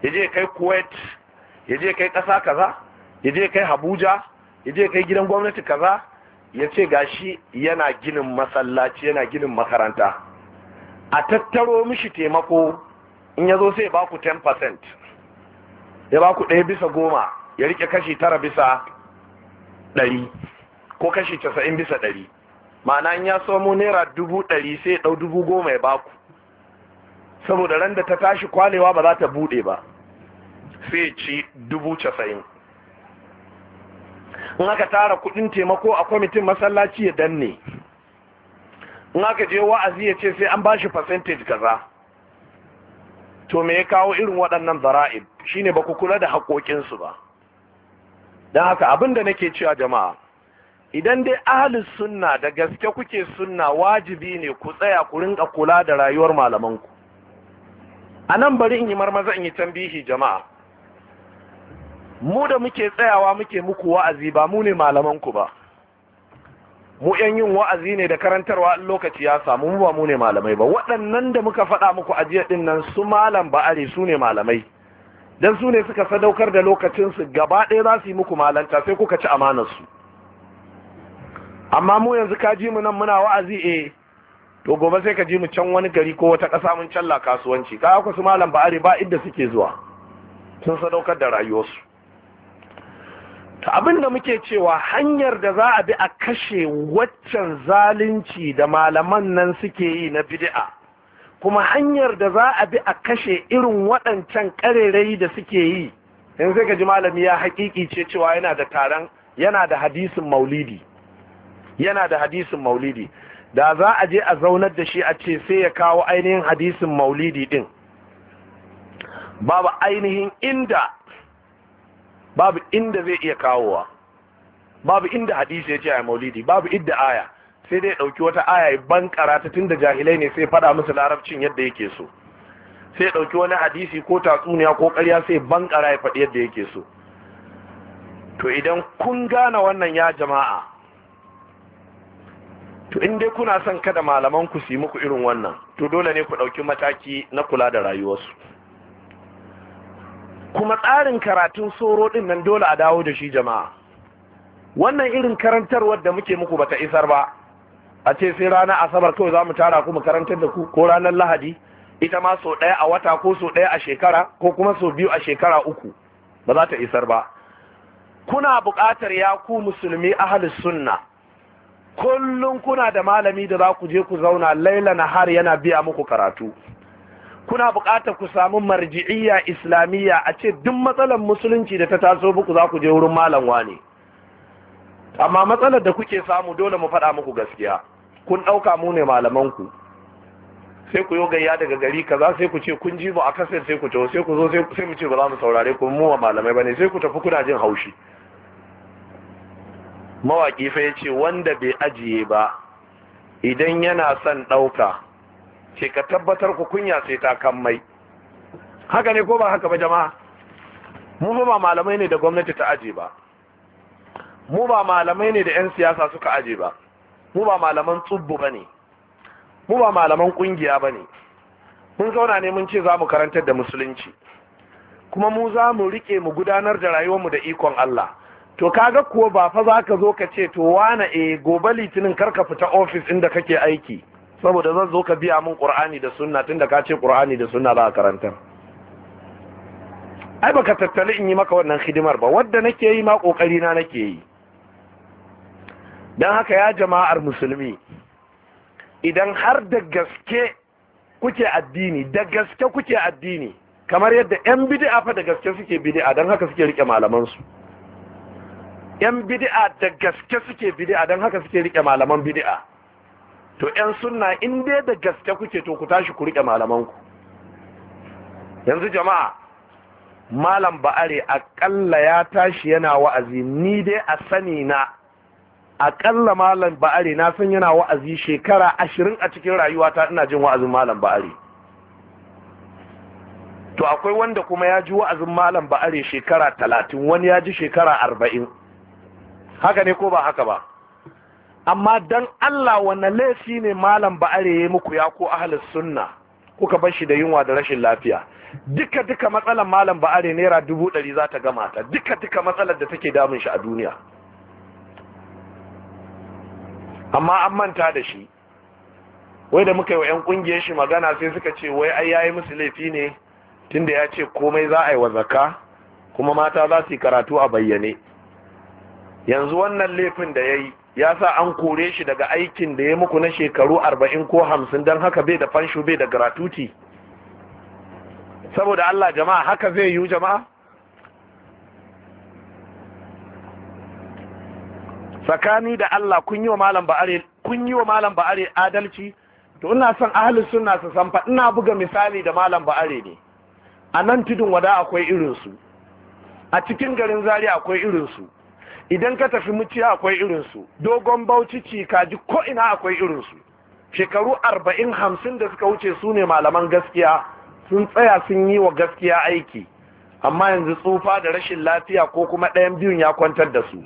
ya je kai kuwait ya je kai ƙasa kaza ya je kai Habuja, ya je kai gidan gwamnati kaza ya ce gashi yana ginin masallaci yana ginin makaranta a tattaro mishi taimako in ya zo sai ba ku 10% ya ba ku ɗaya bisa goma ya rike kashi tara bisa ɗari ko kashi casa'in bisa ɗari ma'ana in ya samu naira dubu ɗari sai ya ɗau dubu goma ya baku saboda ran da ta tashi kwalewa ba za ta buɗe ba sai ci dubu casa'in in aka tara kudin taimako a kwamitin masallaci ya danne in aka je wa'azi ya ce sai an ba shi percentage kaza to me ya kawo irin waɗannan zara'ib shine ba ku kula da haƙoƙinsu ba don haka abin da nake cewa jama'a idan dai ahalin sunna da gaske kuke sunna wajibi ne ku tsaya ku rinka kula da rayuwar malamanku a nan bari in yi marmaza in yi tambihi jama'a mu da muke tsayawa muke muku wa'azi ba mu ne malamanku ba mu yan yin wa'azi ne da karantarwa lokaci ya samu mu ba mu ne malamai ba waɗannan da muka faɗa muku ajiya ɗin nan su malam ba'ari su ne malamai don su ne suka sadaukar da lokacinsu gaba ɗaya za su yi muku malanta sai kuka ci amanarsu amma mu yanzu ka ji mu nan muna wa'azi eh to gobe sai ka ji mu can wani gari ko wata ƙasa mun canla kasuwanci ka ku su malam ba'ari ba inda suke zuwa sun sadaukar da rayuwarsu to abin da muke cewa hanyar da za a bi a kashe waccan zalunci da malaman nan suke yi na bid'a kuma hanyar da za a bi a kashe irin waɗancan ƙarerai da suke yi in sai ka malami ya haƙiƙi ce cewa yana da taron yana da hadisin maulidi yana da hadisin maulidi da za a je a zaunar da shi a ce sai ya kawo ainihin hadisin maulidi din babu ainihin inda babu inda zai iya kawowa babu inda hadisi ya ce a maulidi babu idda aya sai dai ɗauki wata aya ya bankara ta tunda jahilai ne sai fada musu larabcin yadda yake so sai ɗauki wani hadisi ko tatsuniya ko ƙarya sai bankara ya faɗi yadda yake so to idan kun gane wannan ya jama'a to in dai kuna son kada malaman ku su yi muku irin wannan to dole ne ku ɗauki mataki na kula da rayuwarsu kuma tsarin karatun soro din nan dole a dawo da shi jama'a wannan irin karantar da muke muku bata isar ba a ce sai ranar asabar kawai za mu tara ku mu karantar da ku ko ranar lahadi ita ma sau ɗaya a wata ko sau ɗaya a shekara ko kuma sau biyu a shekara uku ba za ta isar ba kuna buƙatar ya ku musulmi ahalus sunna kullum kuna da malami da za ku je ku zauna laila na har yana biya muku karatu kuna buƙatar ku samu marji'iyya islamiyya a ce duk matsalar musulunci da ta taso muku za ku je wurin malam wane amma matsalar da kuke samu dole mu faɗa muku gaskiya kun ɗauka mu ne malamanku sai ku yi gayya daga gari kaza sai ku ce kun ji ba a kasar sai ku taho sai ku zo sai mu ce ba za mu saurare ku mu wa malamai bane sai ku tafi kuna jin haushi mawaƙi fa ya ce wanda bai ajiye ba idan yana son ɗauka ce ka tabbatar ku kunya sai ta kan mai haka ne ko ba haka ba jama'a mu ba malamai ne da gwamnati ta aje ba mu ba malamai ne da 'yan siyasa suka aje ba mu ba malaman tsubbu ba ne mu ba malaman kungiya ba ne mun zauna ne mun ce za mu karantar da musulunci kuma mu za mu rike mu gudanar da rayuwar mu da ikon Allah to kaga kuwa ba fa za ka zo ka ce to wane e gobe litinin karka fita ofis inda kake aiki saboda zan zo ka biya min qur'ani da sunna tunda ka ce ƙur'ani da sunna za a karanta ai baka tattali in yi maka wannan hidimar ba wadda nake yi ma kokari na nake yi dan haka ya jama'ar musulmi idan har da gaske kuke addini da gaske kuke addini kamar yadda yan bid'a fa da gaske suke bid'a dan haka suke rike malaman su yan bid'a da gaske suke bid'a dan haka suke rike malaman bid'a to yan sunna in dai da gaske kuke to ku tashi ku riƙe malamanku yanzu jama'a malam ba'are aƙalla ya tashi yana wa'azi ni dai a sani na aƙalla malam ba'are na san yana wa'azi shekara ashirin a cikin rayuwata ina jin wa'azin malam ba'are to akwai wanda kuma ya ji wa'azin malam ba'are shekara talatin wani ya ji shekara arba'in haka ne ko ba haka ba amma dan Allah wanne laifi ne malam ba'are ya muku ya ko ahlus sunna kuka bar shi da yunwa da rashin lafiya duka duka matsalar malam ba'are naira dubu ɗari za ta gama ta duka duka matsalar da take damun shi a duniya amma an manta da shi wai da muka yi wa 'yan kungiyar shi magana sai suka ce wai ai yayi musu laifi ne tunda ya ce komai za a yi wa zaka kuma mata za su yi karatu a bayyane yanzu wannan laifin da ya yi ya sa an kore shi daga aikin da ya muku na shekaru arba'in ko hamsin don haka bai da fansho bai da gratuti saboda Allah jama'a haka zai yi jama'a tsakani da Allah kun yi wa malam ba'are adalci to ina son ahalus suna su san ina buga misali da malam ba'are ne a nan tudun wada akwai irinsu a cikin garin zari akwai irinsu idan ka tafi muciya akwai irinsu dogon bauchi cikaji ko ina akwai irinsu shekaru arba'in hamsin da suka wuce su ne malaman gaskiya sun tsaya sun yi wa gaskiya aiki amma yanzu tsufa da rashin lafiya ko kuma ɗayan biyun ya kwantar da su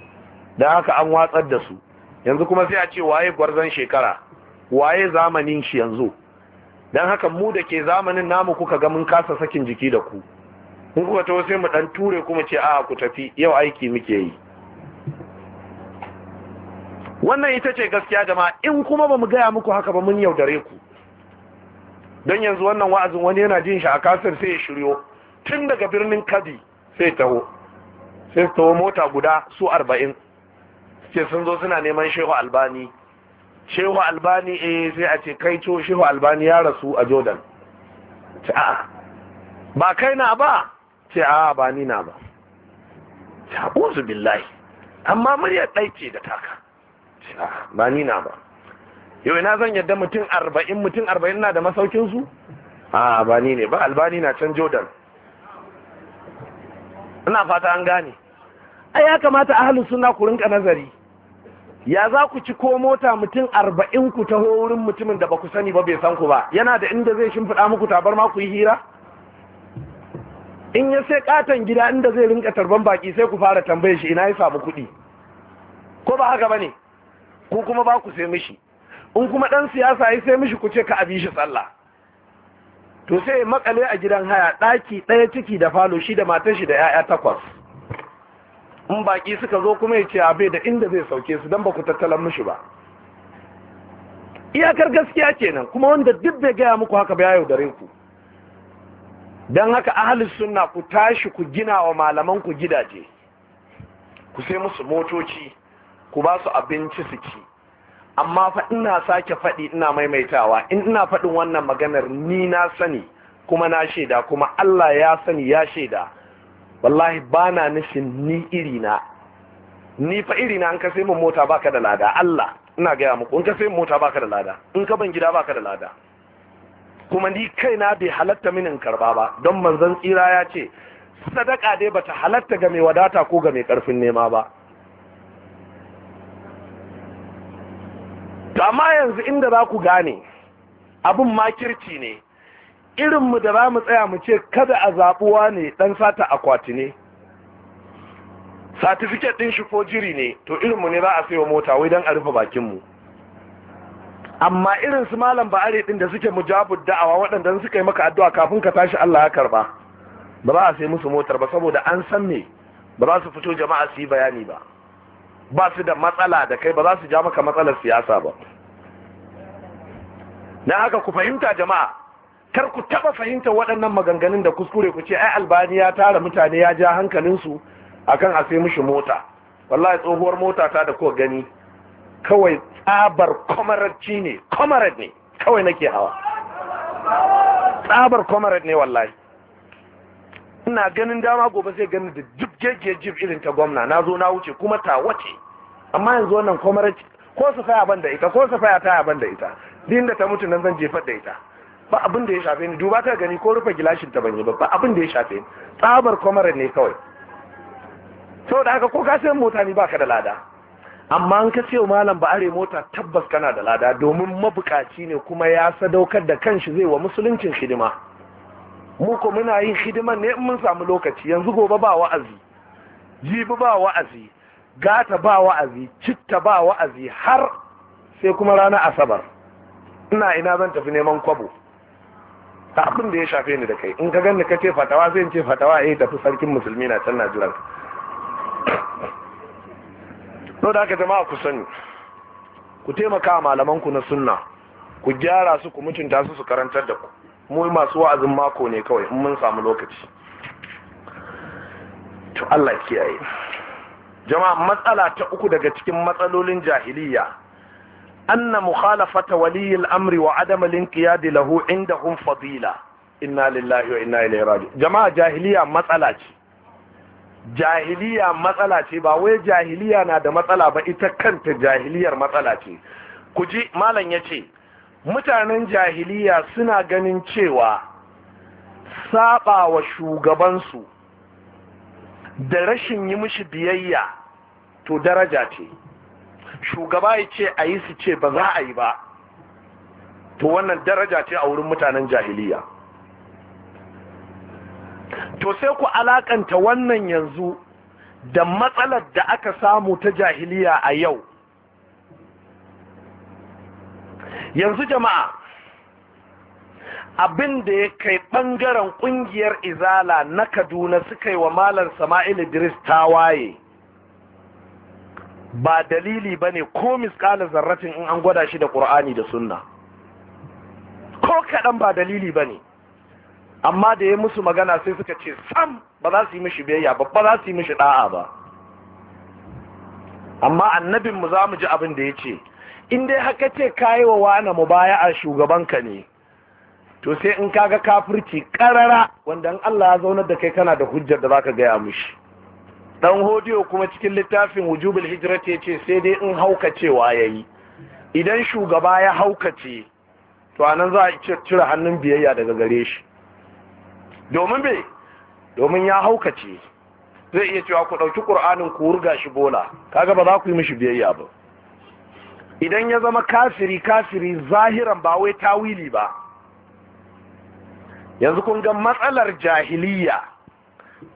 don haka an watsar da su yanzu kuma sai a ce waye gwarzon shekara waye zamanin shi yanzu don haka mu da ke zamanin namu kuka ga mun kasa sakin jiki da ku Mun kuka to sai mu ɗan ture kuma ce a ku tafi yau aiki muke yi wannan ita ce gaskiya jama'a in kuma ba mu gaya muku haka ba mun yaudare ku don yanzu wannan wa'azin wani yana jin shi a kasar sai ya shiryo tun daga birnin kadi sai taho sai taho mota guda su arba'in ce sun zo suna neman shehu albani shehu albani eh sai a ce kai co shehu albani ya rasu a jordan ce a ba kai na ba ce a ba ni na ba ta billahi amma muryar ɗaice da taka Ah, ba ni na ba yau ina zan yadda mutum arba'in mutum arba'in na da masaukinsu a ah, ba ni ne ba albani na can jordan ina fata an gane a ya kamata ahalin suna ku rinka nazari ya za ku ci ko mota mutum arba'in ku ta wurin mutumin da ba ku sani ba bai san ku ba yana da inda zai shimfiɗa muku tabar ma ku yi hira in ya sai katon gida inda zai rinka tarban baki sai ku fara tambaye shi ina ya samu kuɗi ko ba haka ba ne ko kuma ba ku sai mishi in kuma ɗan siyasa ya sai mishi ku ce ka abi shi sallah to sai makale a gidan haya ɗaki ɗaya ciki da falo shi da matan shi da 'ya'ya takwas in baƙi suka zo kuma ya ce bai da inda zai sauke su don ba ku tattalan mishi ba iyakar gaskiya kenan kuma wanda duk bai gaya muku haka ba ya yaudare ku don haka ahalus suna ku tashi ku gina wa malaman ku gidaje ku sai musu motoci ku ba su abinci su ci amma fa ina sake faɗi ina maimaitawa in ina faɗin wannan maganar ni na sani kuma na shaida kuma Allah ya sani ya shaida wallahi ba na nufin ni na. ni fa iri na in ka sai min mota baka da lada Allah ina gaya muku in ka sai min mota baka da lada in ka ban gida baka da lada kuma ni kaina bai halatta min in karba ba don manzon tsira ya ce sadaka dai bata halatta ga mai wadata ko ga mai karfin nema ba to amma yanzu inda za ku gane abin makirci ne irinmu da za mu tsaya mu ce kada a zaɓuwa ne ɗan sata akwati ne satifiket ɗin shi ko jiri ne to irinmu ne za a sayo mota wai don a rufe bakinmu amma irin su malam ba'are ɗin da suke mujabud da'awa waɗanda suka yi maka addu'a kafin ka tashi Allah ya karba ba za a sai musu motar ba saboda an san me ba za su fito jama'a su yi bayani ba ba su da matsala da kai ba za su ja maka matsalar siyasa ba na haka ku fahimta jama'a kar ku taba fahimta waɗannan maganganun da kuskure ku ce ai albani ya tara mutane ya ja hankalinsu akan a sai mishi mota wallahi tsohuwar mota ta da kuwa gani kawai tsabar kwamararci ne kwamarad ne kawai nake hawa tsabar kwamarad ne wallahi ina ganin dama gobe sai ganin da jib jejje jib irin ta gwamna na zo na wuce kuma ta wace amma yanzu wannan kwamaranci ko su faya ban da ita ko su faya ta ban da ita din da ta mutu nan zan jefar da ita ba abin da ya shafe ni duba ka gani ko rufe gilashin ta banye ba ba abin da ya shafe ni tsabar kwamaran ne kawai da haka ko ka sayan mota ni baka da lada amma an ka sayo malam ba are mota tabbas kana da lada domin mabukaci ne kuma ya sadaukar da kanshi zai wa musuluncin hidima mu ko muna yin hidiman ne in mun samu lokaci yanzu gobe ba wa'azi jibi ba wa'azi gata ba wa'azi citta ba wa'azi har sai kuma rana asabar ina ina zan tafi neman kwabo abin da ya shafe ni da kai in ka ganni ka ce fatawa sai ce fatawa eh tafi sarkin musulmi na can najiran so da haka jama'a ku sani ku taimaka malaman ku na sunna ku gyara su ku mutunta su su karantar da ku mu masu wa'azin mako ne kawai in mun samu lokaci to Allah kiyaye jama'a matsala ta uku daga cikin matsalolin jahiliya anna ta Waliyyar amri wa adam al-inqiyad lahu indahum fadila inna lillahi wa inna ilaihi raji'un jama'a jahiliya matsala ce jahiliya matsala ce ba wai jahiliya na da matsala ba ita kanta jahiliyar matsala ce kuji malam malam yace mutanen jahiliya suna ganin cewa saba wa shugabansu da rashin yi mishi biyayya to daraja ce shugaba ya ce a yi su ce ba za a yi ba to wannan daraja ce a wurin mutanen jahiliya to sai ku alakanta wannan yanzu da matsalar da aka samu ta jahiliya a yau yanzu jama'a abin da ya kai ɓangaren ƙungiyar izala na kaduna suka yi wa malar sama'il idris waye, ba dalili ba ne ko misƙala zarratin in an gwada shi da ƙur'ani da sunna ko kaɗan ba dalili ba ne amma da ya musu magana sai suka ce sam ba za su yi mishi biyayya ba ba za su yi mishi ɗa'a ba amma annabinmu za mu ji abin da ya ce in dai haka ce kayi wa baya a shugabanka ne to sai in kaga kafirci karara wanda Allah ya zaunar da kai kana da hujjar da zaka gaya mishi dan hodiyo kuma cikin littafin wujubul hijrati yace sai dai in haukacewa yayi idan shugaba ya haukace to anan za a cire hannun biyayya daga gare shi domin be domin ya haukace zai iya cewa ku dauki qur'anin ku wurga shi bola kaga ba za ku yi mishi biyayya ba idan ya zama kafiri kafiri zahiran ba wai tawili ba yanzu kun ga matsalar jahiliya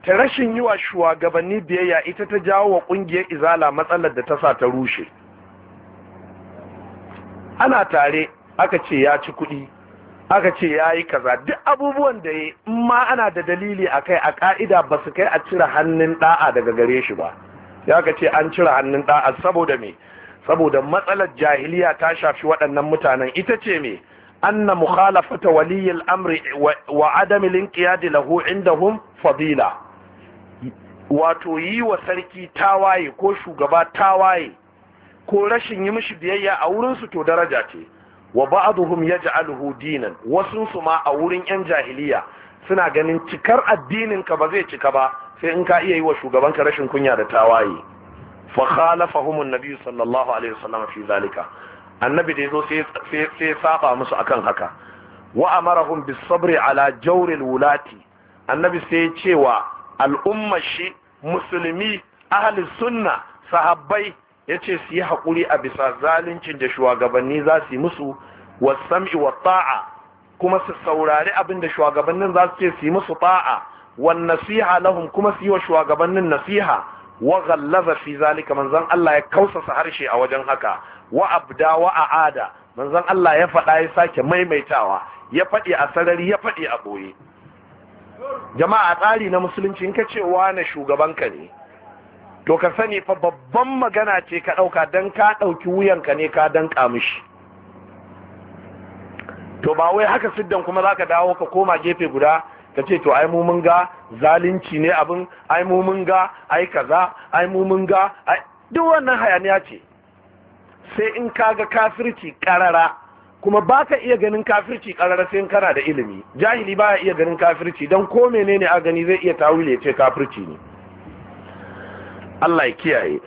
ta rashin yi wa shugabanni biyayya ita ta jawo wa ƙungiyar izala matsalar da ta sa ta rushe ana tare aka ce ya ci kuɗi aka ce ya yi kaza duk abubuwan da ya ma ana da dalili a kai a ka'ida ba su kai a cire hannun ɗa'a daga gare shi ba ya ka ce an cire hannun ɗa'a saboda me saboda matsalar jahiliya ta shafi waɗannan mutanen ita ce me anna mukhalafata waliyil amri wa adami linqiyadi lahu indahum fadila wato yi wa sarki tawaye ko shugaba tawaye ko rashin yi mishi biyayya a wurin su to daraja ce wa ba'dhum yaj'aluhu dinan wasu su ma a wurin yan jahiliya suna ganin cikar addinin ka ba zai cika ba sai in ka iya yi wa shugabanka rashin kunya da tawaye fa khalafahum annabi sallallahu alaihi wasallam fi zalika annabi da yazo sai sai musu akan haka wa amarahum ala jawril wulati annabi sai cewa al'umma shi musulmi ahli sunna sahabbai yace su yi hakuri a bisa zaluncin da shugabanni za su yi musu sam'i wa ta'a kuma su saurari abin da shugabannin za su ce su yi musu ta'a wan nasiha lahum kuma su yi wa shugabannin nasiha wa ghallaza fi zalika manzon Allah ya kausasa harshe a wajen haka wa abda wa aada manzon Allah ya faɗa ya sake maimaitawa ya faɗi a sarari ya faɗi a boye jama'a tsari na musulunci in ka ce shugaban shugabanka ne to ka sani fa babban magana ce ka ɗauka don ka ɗauki wuyanka ne ka danƙa mishi to ba wai haka siddan kuma za ka dawo ka koma gefe guda ka ce to ai mun ga zalunci ne abin ai mun ga ai kaza ai mun ga duk wannan hayaniya ce sai in kaga kafirci karara kuma ba ka iya ganin kafirci karara sai kana da ilimi jahili ba iya ganin kafirci don ko menene a gani zai iya ya ce kafirci ne Allah ya kiyaye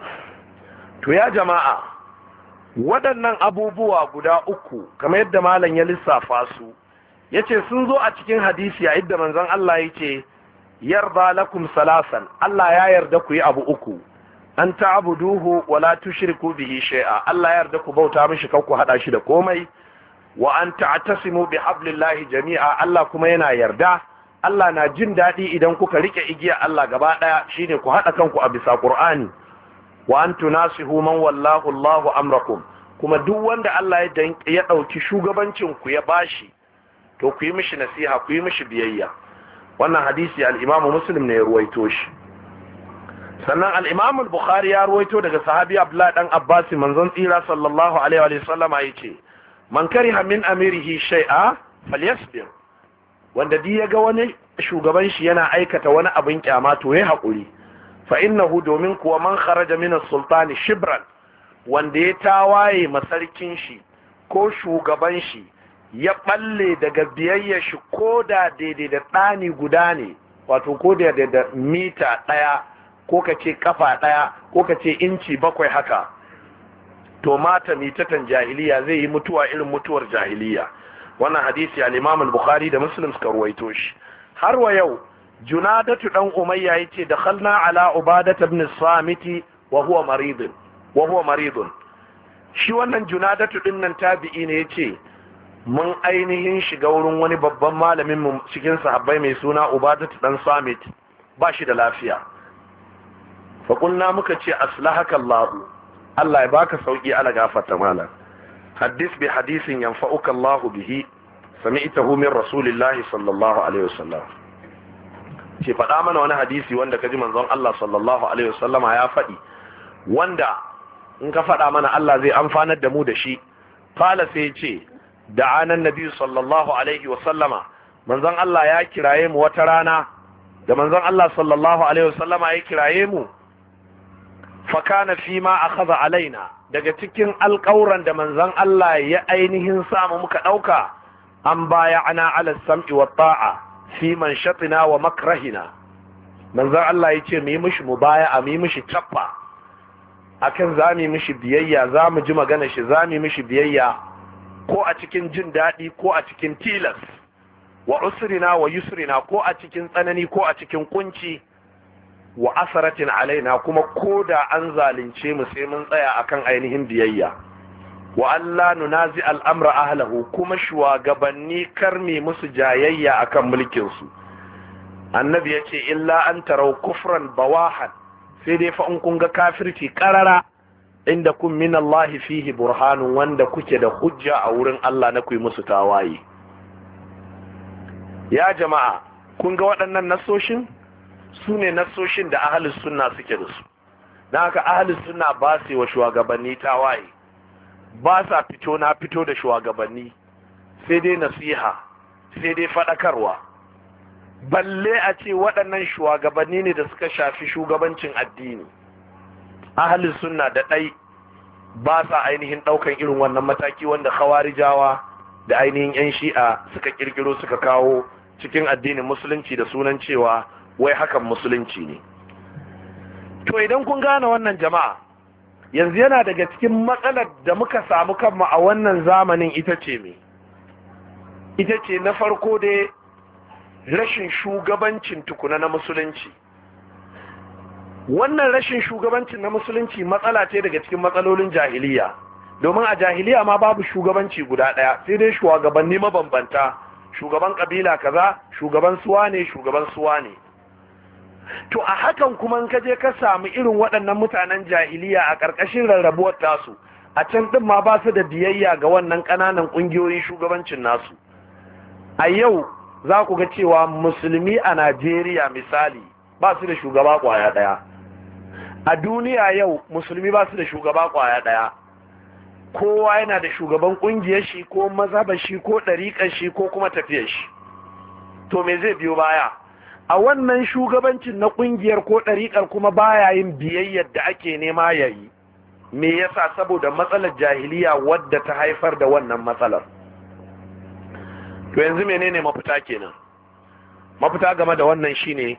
to ya jama'a waɗannan abubuwa guda uku kamar yadda malam ya lissafa su yace sun zo a cikin hadisi a idda manzon Allah yace yarda lakum salasan Allah ya yarda ku yi abu uku an ta'buduhu wa la tushriku bihi shay'a Allah ya yarda ku bauta mishi kanku hada shi da komai wa an ta'tasimu bi hablillahi jami'a Allah kuma yana yarda Allah na jin daɗi idan kuka rike igiya Allah gaba ɗaya shine ku haɗa kanku a bisa Qur'ani wa an tunasihu man wallahu Allahu amrakum kuma duk wanda Allah ya ɗauki shugabancin ku ya bashi to ku yi mishi nasiha ku yi mishi biyayya wannan hadisi al'imamu muslim ne ya ruwaito shi sannan al'imamu bukhari ya ruwaito daga sahabi abdullahi dan abbasi manzon tsira sallallahu alaihi wa sallama ya ce man kariha min amirihi shay'a falyasbir wanda duk ya ga wani shugaban shi yana aikata wani abin kyama to ya haƙuri fa innahu domin kuwa man kharaja min sultani shibran wanda ya tawaye masarkin shi ko shugaban shi ya ɓalle daga biyayya shi ko da daidai da ɗani guda ne wato ko da da mita ɗaya ko ka ce kafa ɗaya ko ka ce inci bakwai haka to mata mitatan jahiliya zai yi mutuwa irin mutuwar jahiliya wannan hadisi al-imam al-bukhari da muslim suka ruwaito shi har wa yau junadatu dan umayya yace dakhalna ala ubadata ibn samiti wa huwa maridun wa huwa maridun shi wannan junadatu din nan tabi'i ne yace mun ainihin shiga wurin wani babban malamin mu cikin sahabbai mai suna ubadatu dan samit ba shi da lafiya fa kunna muka ce aslahaka Allah Allah ya baka sauki ala gafarta malam hadis bi hadisin yanfa'uka Allah bihi sami'tahu min rasulillahi sallallahu alaihi wasallam ce faɗa mana wani hadisi wanda kaji manzon Allah sallallahu alaihi wasallama ya faɗi wanda in ka faɗa mana Allah zai amfanar da mu da shi fala sai ce da anan nabi sallallahu alaihi wasallama manzon Allah ya kiraye mu wata rana da manzon Allah sallallahu alaihi wasallama ya kiraye mu fa kana fi ma akhadha alaina daga cikin alƙawuran da manzon Allah ya ainihin samu muka dauka an baya ana ala sam'i wa ta'a fi man shatina wa makrahina manzon Allah ya ce mu yi mishi mubaya'a mu yi mishi cappa akan zami mishi biyayya zamu ji magana shi zami mishi biyayya ko a cikin jin daɗi ko a cikin tilas wa usrina wa yusrina ko a cikin tsanani ko a cikin kunci wa asaratin alaina kuma ko da an zalunce mu sai mun tsaya akan ainihin biyayya wa Allah nunazi al'amra ahlahu kuma shugabanni karmi musu jayayya akan su. annabi yace ce illa an tarau kufran bawahan sai dai fa in kun ga kafirci karara inda kun min Allah fihi burhanun wanda kuke da hujja a wurin Allah na kuyi musu tawaye ya jama'a kun ga waɗannan nasoshin su ne nasoshin da ahalus sunna suke da su Na haka ahalus sunna ba su wa shugabanni tawaye ba sa fito na fito da shugabanni sai dai nasiha sai dai faɗakarwa balle a ce waɗannan shugabanni ne da suka shafi shugabancin addini ahalin sunna da ɗai ba sa ainihin ɗaukan irin wannan mataki wanda khawarijawa da ainihin 'yan shi'a suka ƙirƙiro suka kawo cikin addinin musulunci da sunan cewa wai hakan musulunci ne to idan kun gane wannan jama'a yanzu yana daga cikin matsalar da muka samu kanmu a wannan zamanin ita ce me ita ce na farko dai rashin shugabancin tukuna na musulunci wannan rashin shugabancin na musulunci matsala ce daga cikin matsalolin jahiliya domin a jahiliya ma babu shugabanci guda ɗaya sai dai shugabanni mabambanta shugaban kabila kaza shugaban suwa ne shugaban suwa ne to a hakan kuma ka je ka samu irin waɗannan mutanen jahiliya a ƙarƙashin rarrabuwar tasu a can ɗin ma ba su da biyayya ga wannan ƙananan ƙungiyoyin shugabancin nasu a yau za ku ga cewa musulmi a najeriya misali ba su da shugaba ƙwaya ɗaya a duniya yau musulmi ba su da shugaba kwaya ɗaya kowa yana da shugaban ƙungiyar shi ko mazhabar shi ko ɗariƙar shi ko kuma tafiyar shi to me zai biyo baya a wannan shugabancin na ƙungiyar ko ɗariƙar kuma baya yin biyayyar da ake nema ya yi me yasa saboda matsalar jahiliya wadda ta haifar da wannan matsalar to yanzu menene mafita kenan mafita game da wannan shine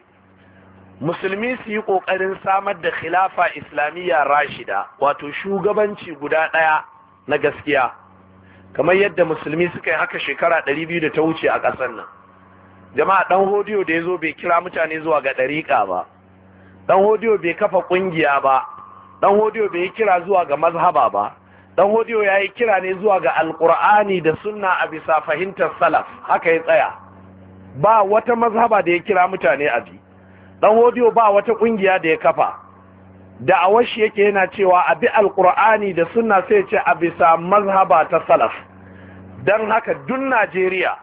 musulmi su yi ƙoƙarin samar da khilafa islamiyya rashida wato shugabanci guda ɗaya na gaskiya kamar yadda musulmi suka yi haka shekara 200 da ta wuce a ƙasar nan jama'a ɗan hodiyo da ya zo bai kira mutane zuwa ga ɗariƙa ba ɗan hodiyo bai kafa ƙungiya ba ɗan hodiyo bai yi kira zuwa ga mazhaba ba ɗan hodiyo ya yi kira ne zuwa ga alƙur'ani da sunna a bisa fahimtar salaf haka ya tsaya ba wata mazhaba da ya kira mutane a bi Ɗan hodiyo ba wata ƙungiya da ya kafa da shi yake yana cewa abi alkur'ani da suna sai ce a bisa mazhaba ta salaf dan haka duk Najeriya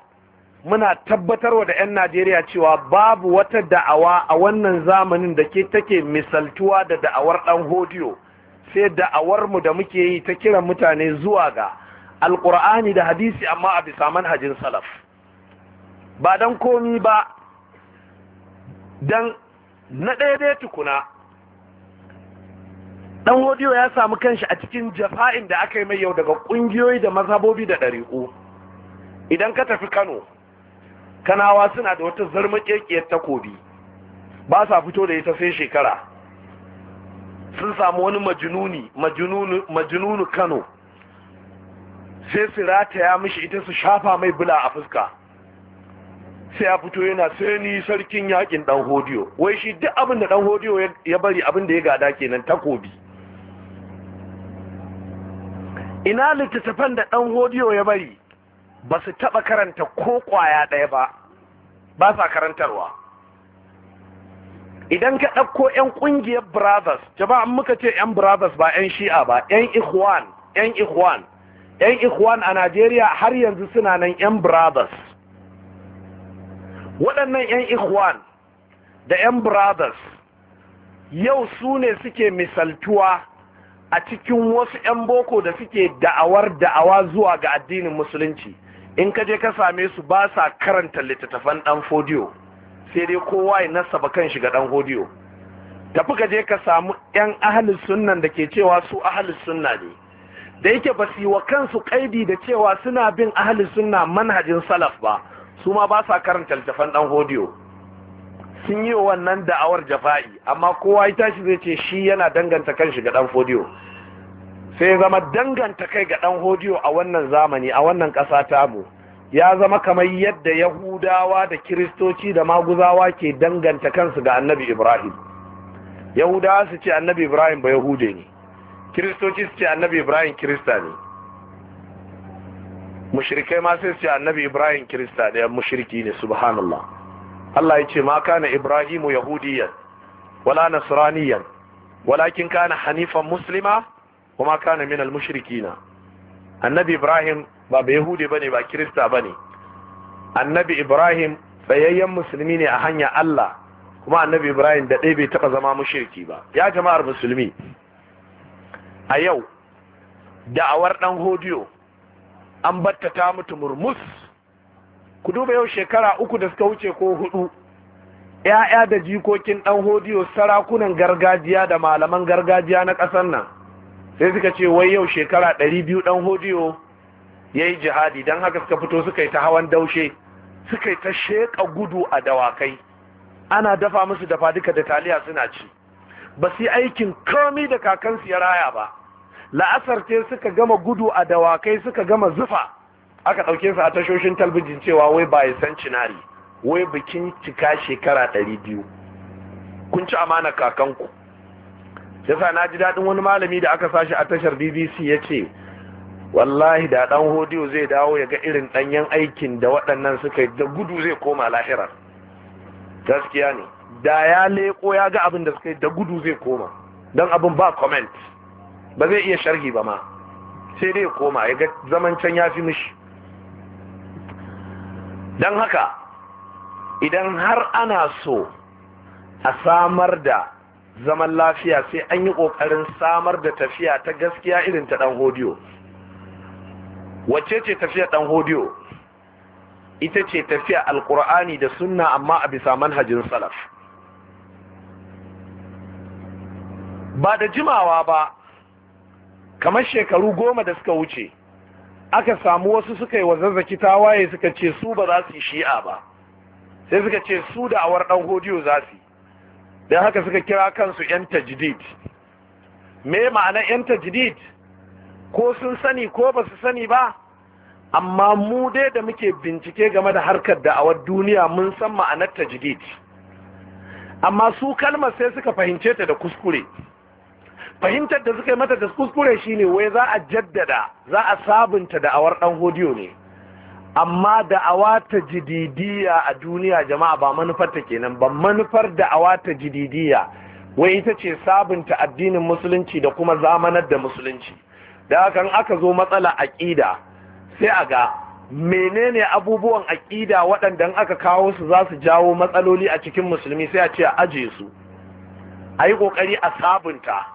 muna tabbatarwa da 'yan Najeriya cewa babu wata da'awa a wannan zamanin da ke take misaltuwa da da'awar ɗan hodiyo sai da'awar mu da muke yi ta kiran mutane zuwa ga alkur'ani da hadisi amma a bisa manhajin salaf ba don komi ba don na ɗaya dai tukuna ɗan hodiyo ya samu kanshi a cikin jafa'in da aka yi mai yau daga ƙungiyoyi da mazhabobi da ɗariƙu idan ka tafi kano kanawa suna da wata zarmakekiyar takobi ba sa fito da ita sai shekara sun samu wani majinuni majinunu kano sai su rataya mishi ita su shafa mai bula a fuska sai ya fito yana sai ni sarkin yakin dan hodiyo wai shi duk abin da dan hodiyo ya bari abin da ya gada kenan takobi ina littattafan da dan hodiyo ya bari ba su taba karanta ko kwaya ɗaya ba ba sa karantarwa idan ka ɗauko 'yan ƙungiyar brothers jama'an muka ce 'yan brothers ba 'yan shi'a ba 'yan ikhwan 'yan ikhwan 'yan ikhwan a najeriya har yanzu suna nan 'yan brothers waɗannan 'yan ikhwan da 'yan brothers yau su ne suke misaltuwa a cikin wasu 'yan boko da suke da'awar da'awa zuwa ga addinin musulunci in ka je ka same su ba sa karanta littattafan ɗan fodiyo sai dai kowa ya nasaba kan shiga ɗan fodiyo tafi ka je ka samu 'yan ahalin sunnan da ke cewa su ahalin sunna ne da yake ba su yi wa kansu kaidi da cewa suna bin ahalin sunna manhajin salaf ba su ma ba sa karanta littafan dan hodiyo sun yi wannan da'awar jafa'i amma kowa ya tashi zai ce shi yana danganta kanshi ga dan hodiyo sai ya zama danganta kai ga dan hodiyo a wannan zamani a wannan ta mu. ya zama kamar yadda yahudawa da kiristoci da maguzawa ke danganta kansu ga annabi ibrahim yahudawa su ce annabi ibrahim ba yahude ne kiristoci su ce annabi ibrahim kirista ne mushrikai ma sai su annabi ibrahim kirista ɗaya mushriki ne subhanallah Allah ya ce ma kana ibrahimu yahudiyan wala nasraniyan walakin kana hanifan muslima kuma kana minal mushrikina annabi ibrahim ba ba yahudi bane ba kirista bane annabi ibrahim tsayayyen musulmi ne a hanya Allah kuma annabi ibrahim da ɗaya bai taɓa zama mushriki ba ya jama'ar musulmi a yau da'awar ɗan hodiyo an batta mutu murmus ku duba yau shekara uku da suka wuce ko hudu ‘ya'ya da jikokin ɗan hodiyo sarakunan gargajiya da malaman gargajiya na ƙasar nan sai suka ce wai yau shekara ɗari biyu ɗan hodiyo ya yi jihadi don haka suka fito suka yi ta hawan daushe suka yi ta sheƙa gudu a dawakai ana dafa musu dafa duka da taliya suna ci ba su yi aikin komi da kakansu ya raya ba la'asar ce suka gama gudu a dawakai suka gama zufa aka ɗauke su a tashoshin talbijin cewa wai ba san cinari wai bikin cika shekara ɗari biyu kun ci amana kakanku yasa na ji daɗin wani malami da aka sashi a tashar bbc ya ce wallahi da ɗan hodiyo zai dawo ya ga irin ɗanyen aikin da waɗannan suka yi da gudu zai koma lahirar gaskiya ne da ya leƙo ya ga abin da suka yi da gudu zai koma don abin ba comment ba zai iya sharhi ba ma sai dai koma ya ga zaman can ya fi mishi don haka idan har ana so a samar da zaman lafiya sai an yi ƙoƙarin samar da tafiya ta gaskiya irin ta ɗan hodiyo wacce ce tafiya ɗan hodiyo ita ce tafiya alƙur'ani da sunna amma a bisa manhajin salaf ba da jimawa ba kamar shekaru goma da suka wuce aka samu wasu suka yi wa zazzaki tawaye suka ce su ba za su yi shi'a ba sai suka ce su da awar ɗan hodiyo za su don haka suka kira kansu 'yan tajdid me ma'ana 'yan tajdid ko sun sani ko ba su sani ba amma mu dai da muke bincike game da harkar da da'awar duniya mun san ma'anar tajdid amma su kalmar sai suka fahimce ta da kuskure fahimtar da suka yi mata da kuskure shine wai za a jaddada za a sabunta da'awar dan hodiyo ne amma da'awa ta jididiya a duniya jama'a ba manufar ta kenan ba manufar da'awa ta jididiya wai ita ce sabunta addinin musulunci da kuma zamanar da musulunci da hakan aka zo matsala aƙida sai a ga menene abubuwan aƙida waɗanda aka kawo su za su jawo matsaloli a cikin musulmi sai a ce a ajiye su a yi ƙoƙari a sabunta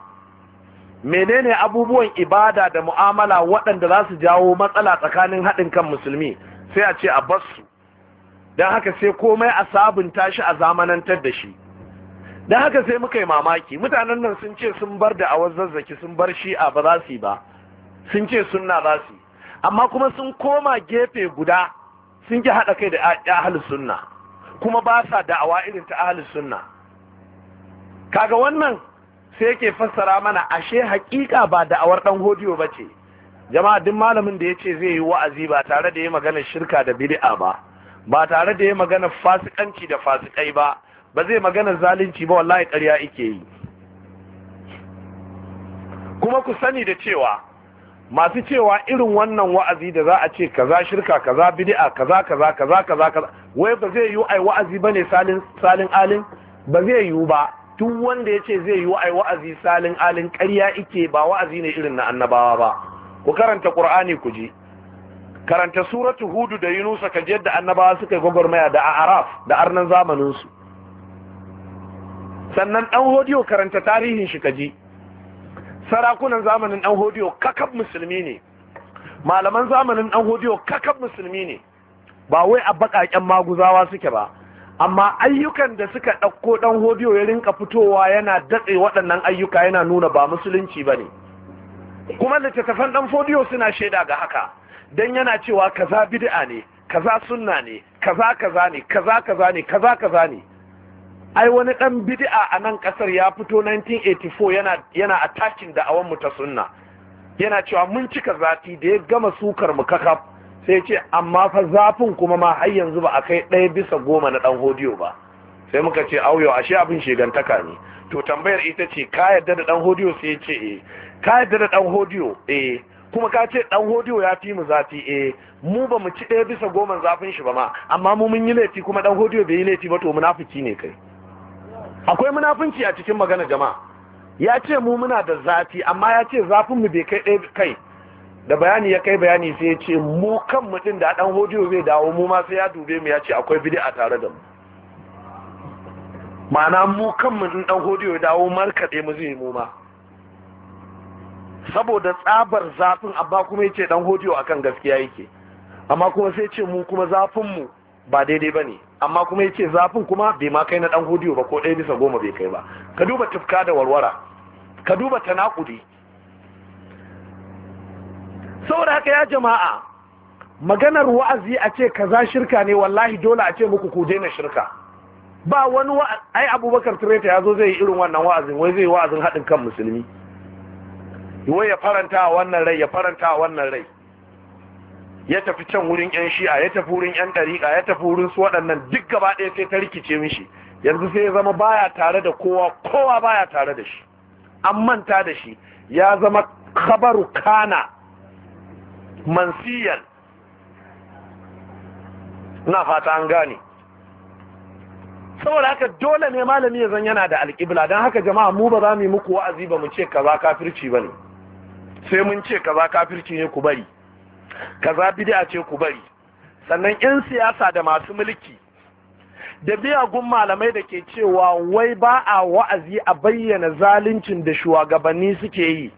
menene abubuwan ibada da mu'amala waɗanda za su jawo matsala tsakanin haɗin kan musulmi sai a ce a basu. don haka sai komai a sabunta shi a zamanantar da shi don haka sai muka yi mamaki mutanen nan sun ce sun bar da awar zazzaki sun bar shi'a ba za su yi ba sun ce na za su yi amma kuma sun koma gefe guda sun ki haɗa kai da ahalus sunna kuma ba sa da'awa irin ta ahalus sunna kaga wannan sai ke fassara mana ashe hakika ba da'awar dan hodiyo ba ce jama'a duk malamin da ya ce zai yi wa'azi ba tare da ya magana shirka da bid'a ba ba tare da ya magana fasikanci da fasikai ba ba zai magana zalunci ba wallahi ƙarya ike yi kuma ku sani da cewa masu cewa irin wannan wa'azi da za a ce kaza shirka kaza bid'a kaza kaza kaza kaza kaza wai ba zai yi wa'azi bane salin salin alin ba zai yi ba duk wanda ya ce zai yi wa'ai wa'azi salin alin ƙarya ike ba wa'azi ne irin na annabawa ba ku karanta ƙur'ani ku ji karanta suratu hudu da yunusa ka ji yadda annabawa suka yi gwagwarmaya da a araf da arnan zamaninsu sannan ɗan hodiyo karanta tarihin shi ka ji sarakunan zamanin ɗan hodiyo kakab musulmi ne malaman zamanin ɗan hodiyo kakab musulmi ne ba wai a baƙaƙen maguzawa suke ba amma ayyukan da suka ɗauko ɗan hodiyo ya rinka fitowa yana datse waɗannan ayyuka yana nuna ba musulunci ba ne kuma littattafan ɗan hodiyo suna shaida ga haka don yana cewa kaza bid'a ne kaza sunna ne kaza kaza ne kaza kaza ne kaza kaza ne ai wani ɗan bid'a a nan ƙasar ya fito 1984 yana yana attacking da awan mu ta sunna yana cewa mun cika zati da ya gama sukar mu kakaf sai ce amma fa zafin kuma ma har yanzu ba a kai ɗaya bisa goma na ɗan hodiyo ba sai muka ce auyo shi abin shegantaka ne to tambayar ita ce ka yarda da ɗan hodiyo sai ce e. ka yarda da ɗan hodiyo e kuma ka ce ɗan hodiyo ya fi mu zafi e. mu ba mu ci ɗaya bisa goma zafin shi ba ma amma mu mun yi laifi kuma ɗan hodiyo bai yi laifi ba to munafiki ne kai akwai munafunci a cikin magana jama'a ya ce mu muna da zafi amma ya ce zafin mu bai kai ɗaya kai da bayani ya kai bayani sai ya ce mu kan mutum da dan hodiyo bai dawo mu ma sai ya dube mu ya ce akwai bidi a tare da mu ma'ana mu kan mutum dan hodiyo ya dawo markade mu zai mu ma saboda tsabar zafin abba kuma ya ce dan hodiyo akan gaskiya yake amma kuma sai ce mu kuma zafin mu ba daidai ba ne amma kuma ya ce zafin kuma bai ma kai na dan hodiyo ba ko ɗaya bisa goma bai kai ba ka duba tufka da warwara ka duba tanakudi saboda haka ya jama'a maganar wa'azi a ce kaza shirka ne wallahi dole a ce muku ku daina shirka ba wani ai abubakar tireta ya zo zai yi irin wannan wa'azin wai zai wa'azin haɗin kan musulmi wai ya faranta wannan rai ya faranta wannan rai ya tafi can wurin yan shi'a ya tafi wurin yan ɗariƙa ya tafi wurin su waɗannan duk gaba ɗaya sai ta rikice mishi yanzu sai ya zama baya tare da kowa kowa baya tare da shi an manta da shi ya zama khabaru kana mansiyan na fata an gane saboda haka dole ne malami ya zan yana da alƙibla don haka jama'a mu ba za mu yi muku wa'azi ba mu ce kaza kafirci ba ne sai mun ce kaza kafirci ne ku bari kaza bid'a ce ku bari sannan 'yan siyasa da masu mulki da biya gun malamai da ke cewa wai ba a wa'azi a bayyana zaluncin da shugabanni suke yi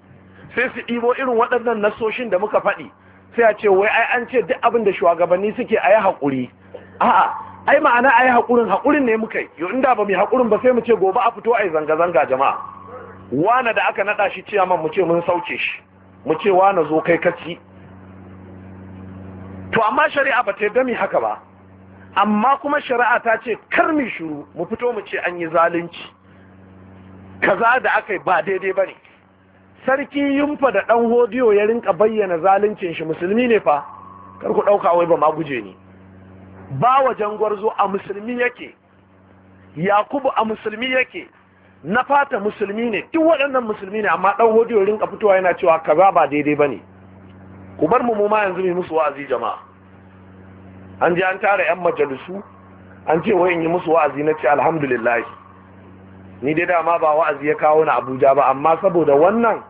sai su ɗibo irin waɗannan nasoshin da muka faɗi sai a ce wai ai an ce duk abin da shugabanni suke ayi haƙuri a'a ai ma'ana ayi haƙurin haƙurin ne muka yi inda ba mu haƙurin ba sai mu ce gobe a fito ayi zanga zanga jama'a Wani da aka naɗa shi ciyaman mu ce mun sauke shi mu ce na zo kai kaci to amma shari'a ba ta gami haka ba amma kuma shari'a ta ce kar mu shuru mu fito mu ce an yi zalunci kaza da aka yi ba daidai bane sarki yumfa da ɗan hodiyo ya rinka bayyana zaluncin shi musulmi ne fa kar ku ɗauka wai ba ma guje ni ba wajen gwarzo a musulmi yake yakubu a musulmi yake na fata musulmi ne duk waɗannan musulmi ne amma ɗan hodiyo rinka fitowa yana cewa kaza ba daidai ba ne ku bar mu ma yanzu mu musu wa'azi jama'a an je an tara yan majalisu an ce in yi musu wa'azi na ce alhamdulillah ni dai dama ba wa'azi ya kawo na abuja ba amma saboda wannan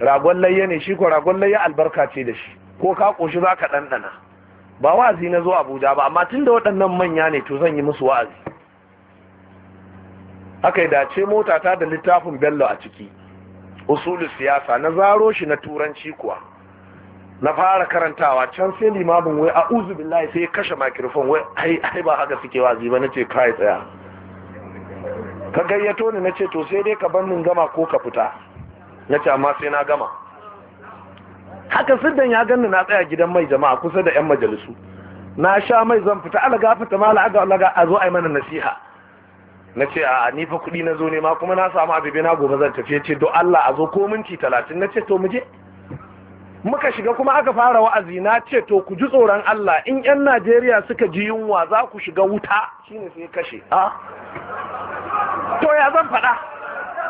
ragon layya ne shi ko ragon layya albarka ce da shi ko ka koshi za ka ɗanɗana ba wa'azi na zo abuja ba amma tun da waɗannan manya ne to zan yi musu wa'azi aka yi dace mota ta da littafin bello a ciki usulun siyasa na zaro shi na turanci kuwa na fara karantawa can sai limamin wai a uzu billahi sai ya kashe makirfon wai ai ba haka suke wazi ba na ce kai tsaya ka gayyato ni na ce to sai dai ka bannin gama ko ka fita na ce amma sai na gama haka siddan ya ganni na tsaya gidan mai jama'a kusa da 'yan majalisu na sha mai zan fita alaga fita ma la'aga alaga a zo a yi mana nasiha na ce a ni fa kuɗi na zo ne ma kuma na samu abibi na gobe zan tafi ce don Allah a zo ko minti talatin na ce to mu muka shiga kuma aka fara wa'azi na ce to ku ji tsoron Allah in 'yan Najeriya suka ji yunwa za ku shiga wuta shine sai kashe a ah. to ya zan faɗa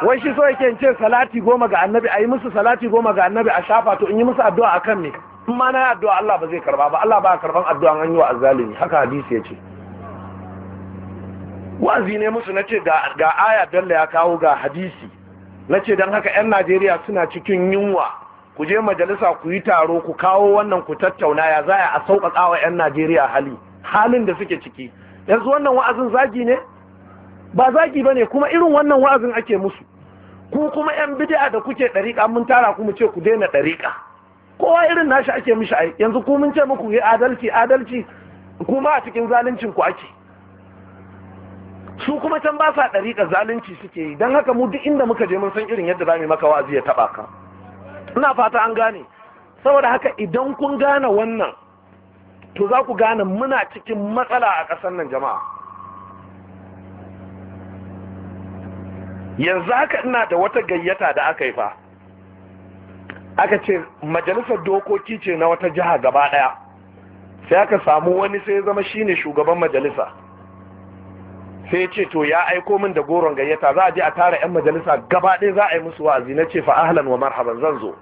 wai shi so yake ce salati goma ga annabi a yi musu salati goma ga annabi a shafa to in yi musu addu'a akan ne. in ma na yi addu'a Allah ba zai karba ba Allah ba karban addu'a an yi wa azzalimi haka hadisi ya ce wazi ne musu na ce ga aya dalla ya kawo ga hadisi na ce don haka 'yan najeriya suna cikin yunwa ku je majalisa ku yi taro ku kawo wannan ku tattauna ya za a sauƙaƙa wa 'yan najeriya hali halin da suke ciki yanzu wannan wa'azin zagi ne ba zaki bane kuma irin wannan wa'azin ake musu ku kuma yan bid'a da kuke ɗarika mun tara ku mu ce ku daina ɗarika. kowa irin nashi ake mishi ai yanzu ku mun ce muku yi adalci adalci kuma a cikin zalincin ku ake su kuma can ba sa dariqa zalunci suke yi don haka mu duk inda muka je mun san irin yadda zamu maka wa'azi ya taba ka ina fata an gane saboda haka idan kun gane wannan to za ku gane muna cikin matsala a ƙasar nan jama'a yanzu haka ina da wata gayyata da aka yi fa aka ce majalisar dokoki ce na wata jiha gaba daya sai aka samu wani sai ya zama shine shugaban majalisa sai ce to ya aiko min da goron gayyata za a je a tara 'yan majalisa gaba ɗaya za a yi musu wa'azi na ce fa'ahlan wa marhaban zan zo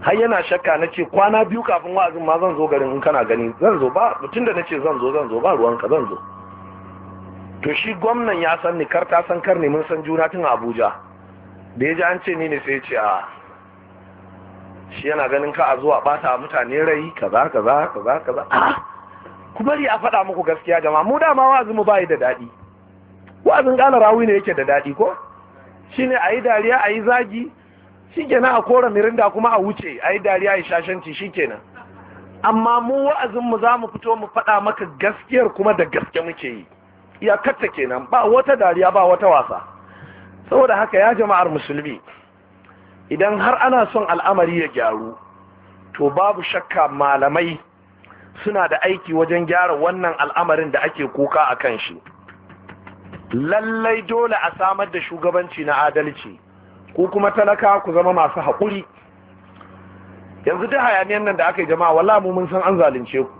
har yana shakka na ce kwana biyu kafin wa'azin ma zan zo garin in kana gani zan zo ba mutum da na ce zan zo zan zo ba ruwanka zan zo to shi gwamnan ya san ni kar ta san kar ne mun san juna tun abuja da ya ji an ce ni ne sai ce a shi yana ganin ka a zuwa bata mutane rai kaza kaza kaza kaza a ku bari a faɗa muku gaskiya jama'a mu dama wa'azin mu bayi da daɗi wa'azin ƙala rawi ne yake da daɗi ko Shi ne a yi dariya a yi zagi shi kenan a kora mirinda kuma a wuce a yi dariya a yi shashanci shi kenan amma mu wa'azin mu za mu fito mu faɗa maka gaskiyar kuma da gaske muke yi iyakarta kenan ba wata dariya ba wata wasa saboda haka ya jama'ar musulmi idan har ana son al'amari ya gyaru to babu shakka malamai suna da aiki wajen gyara wannan al'amarin da ake kuka a kan shi lallai dole a samar da shugabanci na adalci ko kuma talaka ku zama masu haƙuri yanzu duk hayaniyar nan da aka yi jama'a wala mu mun san an zalunce ku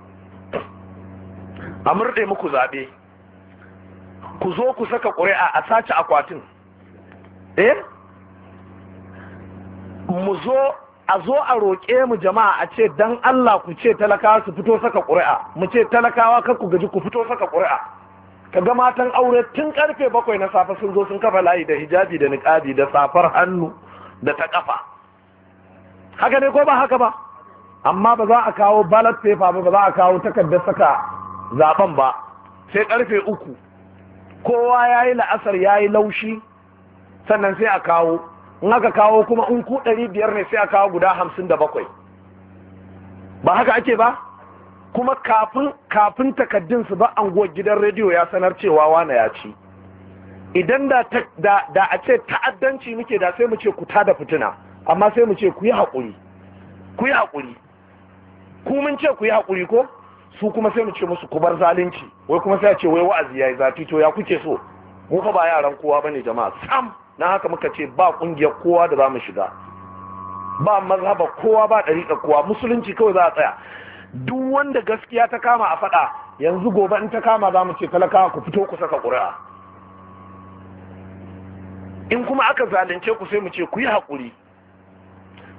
a murɗe muku zaɓe ku zo ku saka ƙuri'a a sace akwatin eh mu zo a zo a roƙe mu jama'a a ce dan Allah ku ce talakawa su fito saka ƙuri'a mu ce talakawa kar ku gaji ku fito saka ƙuri'a ka ga matan aure tun karfe bakwai na safe sun zo sun kafa layi da hijabi da niƙabi da safar hannu da ta kafa haka ne ko ba haka ba amma ba za a kawo ballot paper ba ba za a kawo takardar saka zaben ba sai karfe uku kowa ya yi la'asar ya yi laushi sannan sai a kawo in aka kawo kuma in ku ɗari biyar ne sai a kawo guda hamsin da bakwai ba haka ake ba kuma kafin takaddun su ba anguwar gidan rediyo ya sanar cewa wane ya ci idan da a ce ta'addanci muke da sai mu ce ku tada fitina amma sai mu ce ku yi haƙuri ku yi haƙuri ku mun ce ku yi haƙuri ko su kuma sai mu ce musu ku bar zalunci wai kuma sai a ce wai wa'azi yayi zafi to ya kuke so mu fa ba yaran kowa bane jama'a sam na haka muka ce ba kungiyar kowa da za mu shiga ba mazhaba kowa ba dariƙa kowa musulunci kawai za a tsaya duk wanda gaskiya ta kama a faɗa yanzu gobe in ta kama za mu ce talakawa ku fito ku saka ƙuri'a in kuma aka zalunce ku sai mu ce ku yi haƙuri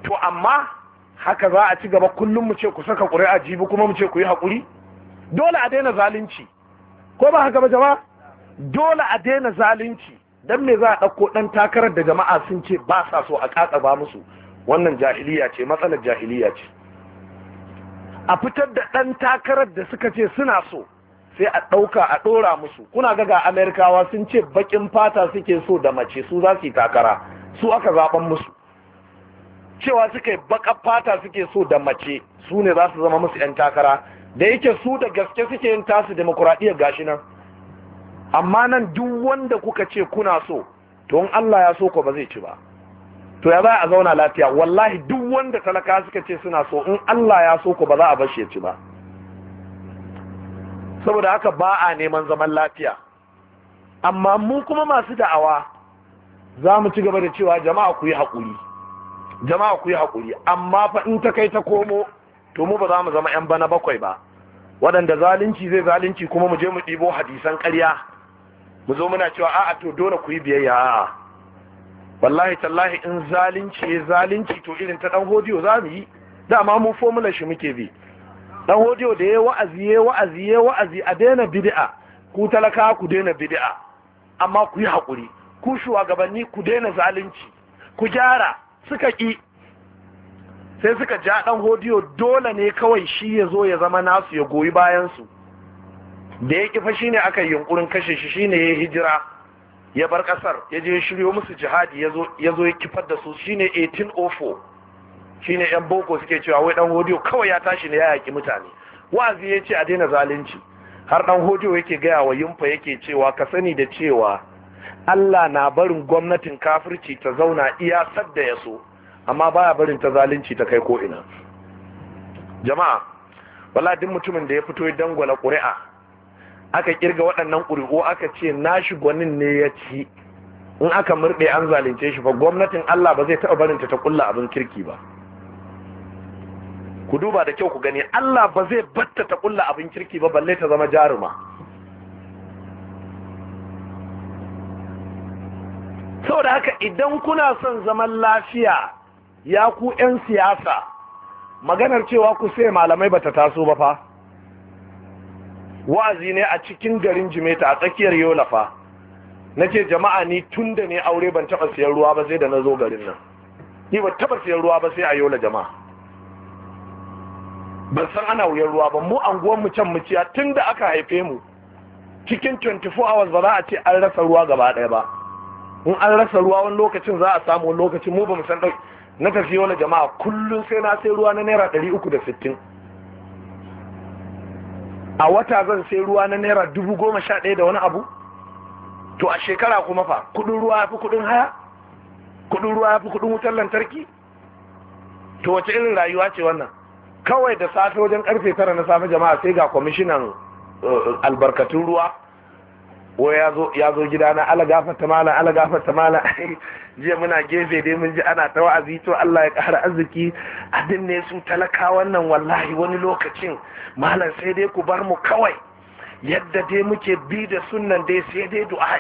to amma haka za a ci gaba kullum mu ce ku saka ƙuri'a jibi kuma mu ce ku yi haƙuri dole a daina zalunci ko ba haka ba jama'a dole a daina zalunci dan me za a ɗauko ɗan takarar da jama'a sun ce ba sa so a ba musu wannan jahiliya ce matsalar jahiliya ce a fitar da ɗan takarar da suka ce suna so sai a ɗauka a ɗora musu kuna ga ga amerikawa sun ce baƙin fata suke so da mace su za su yi takara su aka zaɓen musu cewa suka yi baka fata suke so da mace su ne za su zama musu 'yan takara da yake su da gaske suke yin tasu demokuraɗiyya gashi nan amma nan duk wanda kuka ce kuna so to in Allah ya so ko ba zai ci ba to ya za a zauna lafiya wallahi duk wanda talaka suka ce suna so in Allah ya so ko ba za a bar shi ya ci ba saboda haka ba a neman zaman lafiya amma mu kuma masu da'awa za mu ci gaba da cewa jama'a ku yi haƙuri jama'a ku yi haƙuri amma fa in ta kai ta komo to mu ba za mu zama 'yan bana bakwai ba waɗanda zalunci zai zalunci kuma mu je mu ɗibo hadisan ƙarya mu zo muna cewa a'a to dole ku yi biyayya a'a wallahi tallahi in zalunci ya zalunci to irin ta ɗan hodiyo za mu yi dama mu fomula shi muke bi ɗan hodiyo da ya wa'azi ya wa'azi ya wa'azi a daina bid'a ku talaka ku daina bid'a amma ku yi haƙuri ku shugabanni ku daina zalunci ku gyara suka ƙi sai suka ja ɗan hodiyo dole ne kawai shi ya zo ya zama nasu ya goyi bayansu da ya kifa shine aka yi yunkurin kashe shi shine ya hijira ya bar ƙasar ya je shiryo musu jihadi ya zo ya kifar da su shine 1804 shine yan boko suke cewa wai ɗan hodiyo kawai ya tashi ne ya yaƙi mutane wa'azi ya ce a daina zalunci har ɗan hodiyo yake gaya wa yumfa yake cewa ka sani da cewa Allah na barin gwamnatin kafirci ta zauna iya sadda ya so amma baya barin ta zalunci ta kai ko ina jama'a wala duk mutumin da ya fito ya dangwala ƙuri'a aka kirga waɗannan ƙuri'o aka ce nashi gwanin ne ya ci in aka murɗe an zalunce shi fa gwamnatin Allah ba zai taɓa barin ta ta kulla abin kirki ba ku duba da kyau ku gani Allah ba zai batta ta kulla abin kirki ba balle ta zama jaruma saboda haka idan kuna son zaman lafiya ya ku 'yan siyasa maganar cewa ku sai malamai bata taso ba fa wa'azi ne a cikin garin jimeta a tsakiyar yola fa na ce jama'a ni tun da ne aure ban taɓa siyan ruwa ba sai da na zo garin nan ni ba taɓa siyan ruwa ba sai a yola jama'a ban san ana wuyan ruwa ba mu anguwan mu can muciya tun da aka haife mu cikin 24 hours ba za a ce an rasa ruwa gaba ɗaya ba in an rasa ruwa wani lokacin za a samu wani lokacin mu ba san dauki na tafi wani jama'a kullum sai na sai ruwa na naira ɗari uku da sittin a wata zan sai ruwa na naira dubu goma sha ɗaya da wani abu to a shekara kuma fa kudin ruwa ya fi kudin haya kudin ruwa ya fi kudin wutar lantarki to wace irin rayuwa ce wannan kawai da safe wajen karfe tara na safe jama'a sai ga kwamishinan eh, albarkatun ruwa bo ya zo gida na ala gafarta mala ala gafarta mala jiya muna gefe dai mun ji ana ta wa'azi to Allah ya kara arziki abin ne su talaka wannan wallahi wani lokacin malam sai dai ku bar mu kawai yadda dai muke bi da sunnan dai sai dai du'a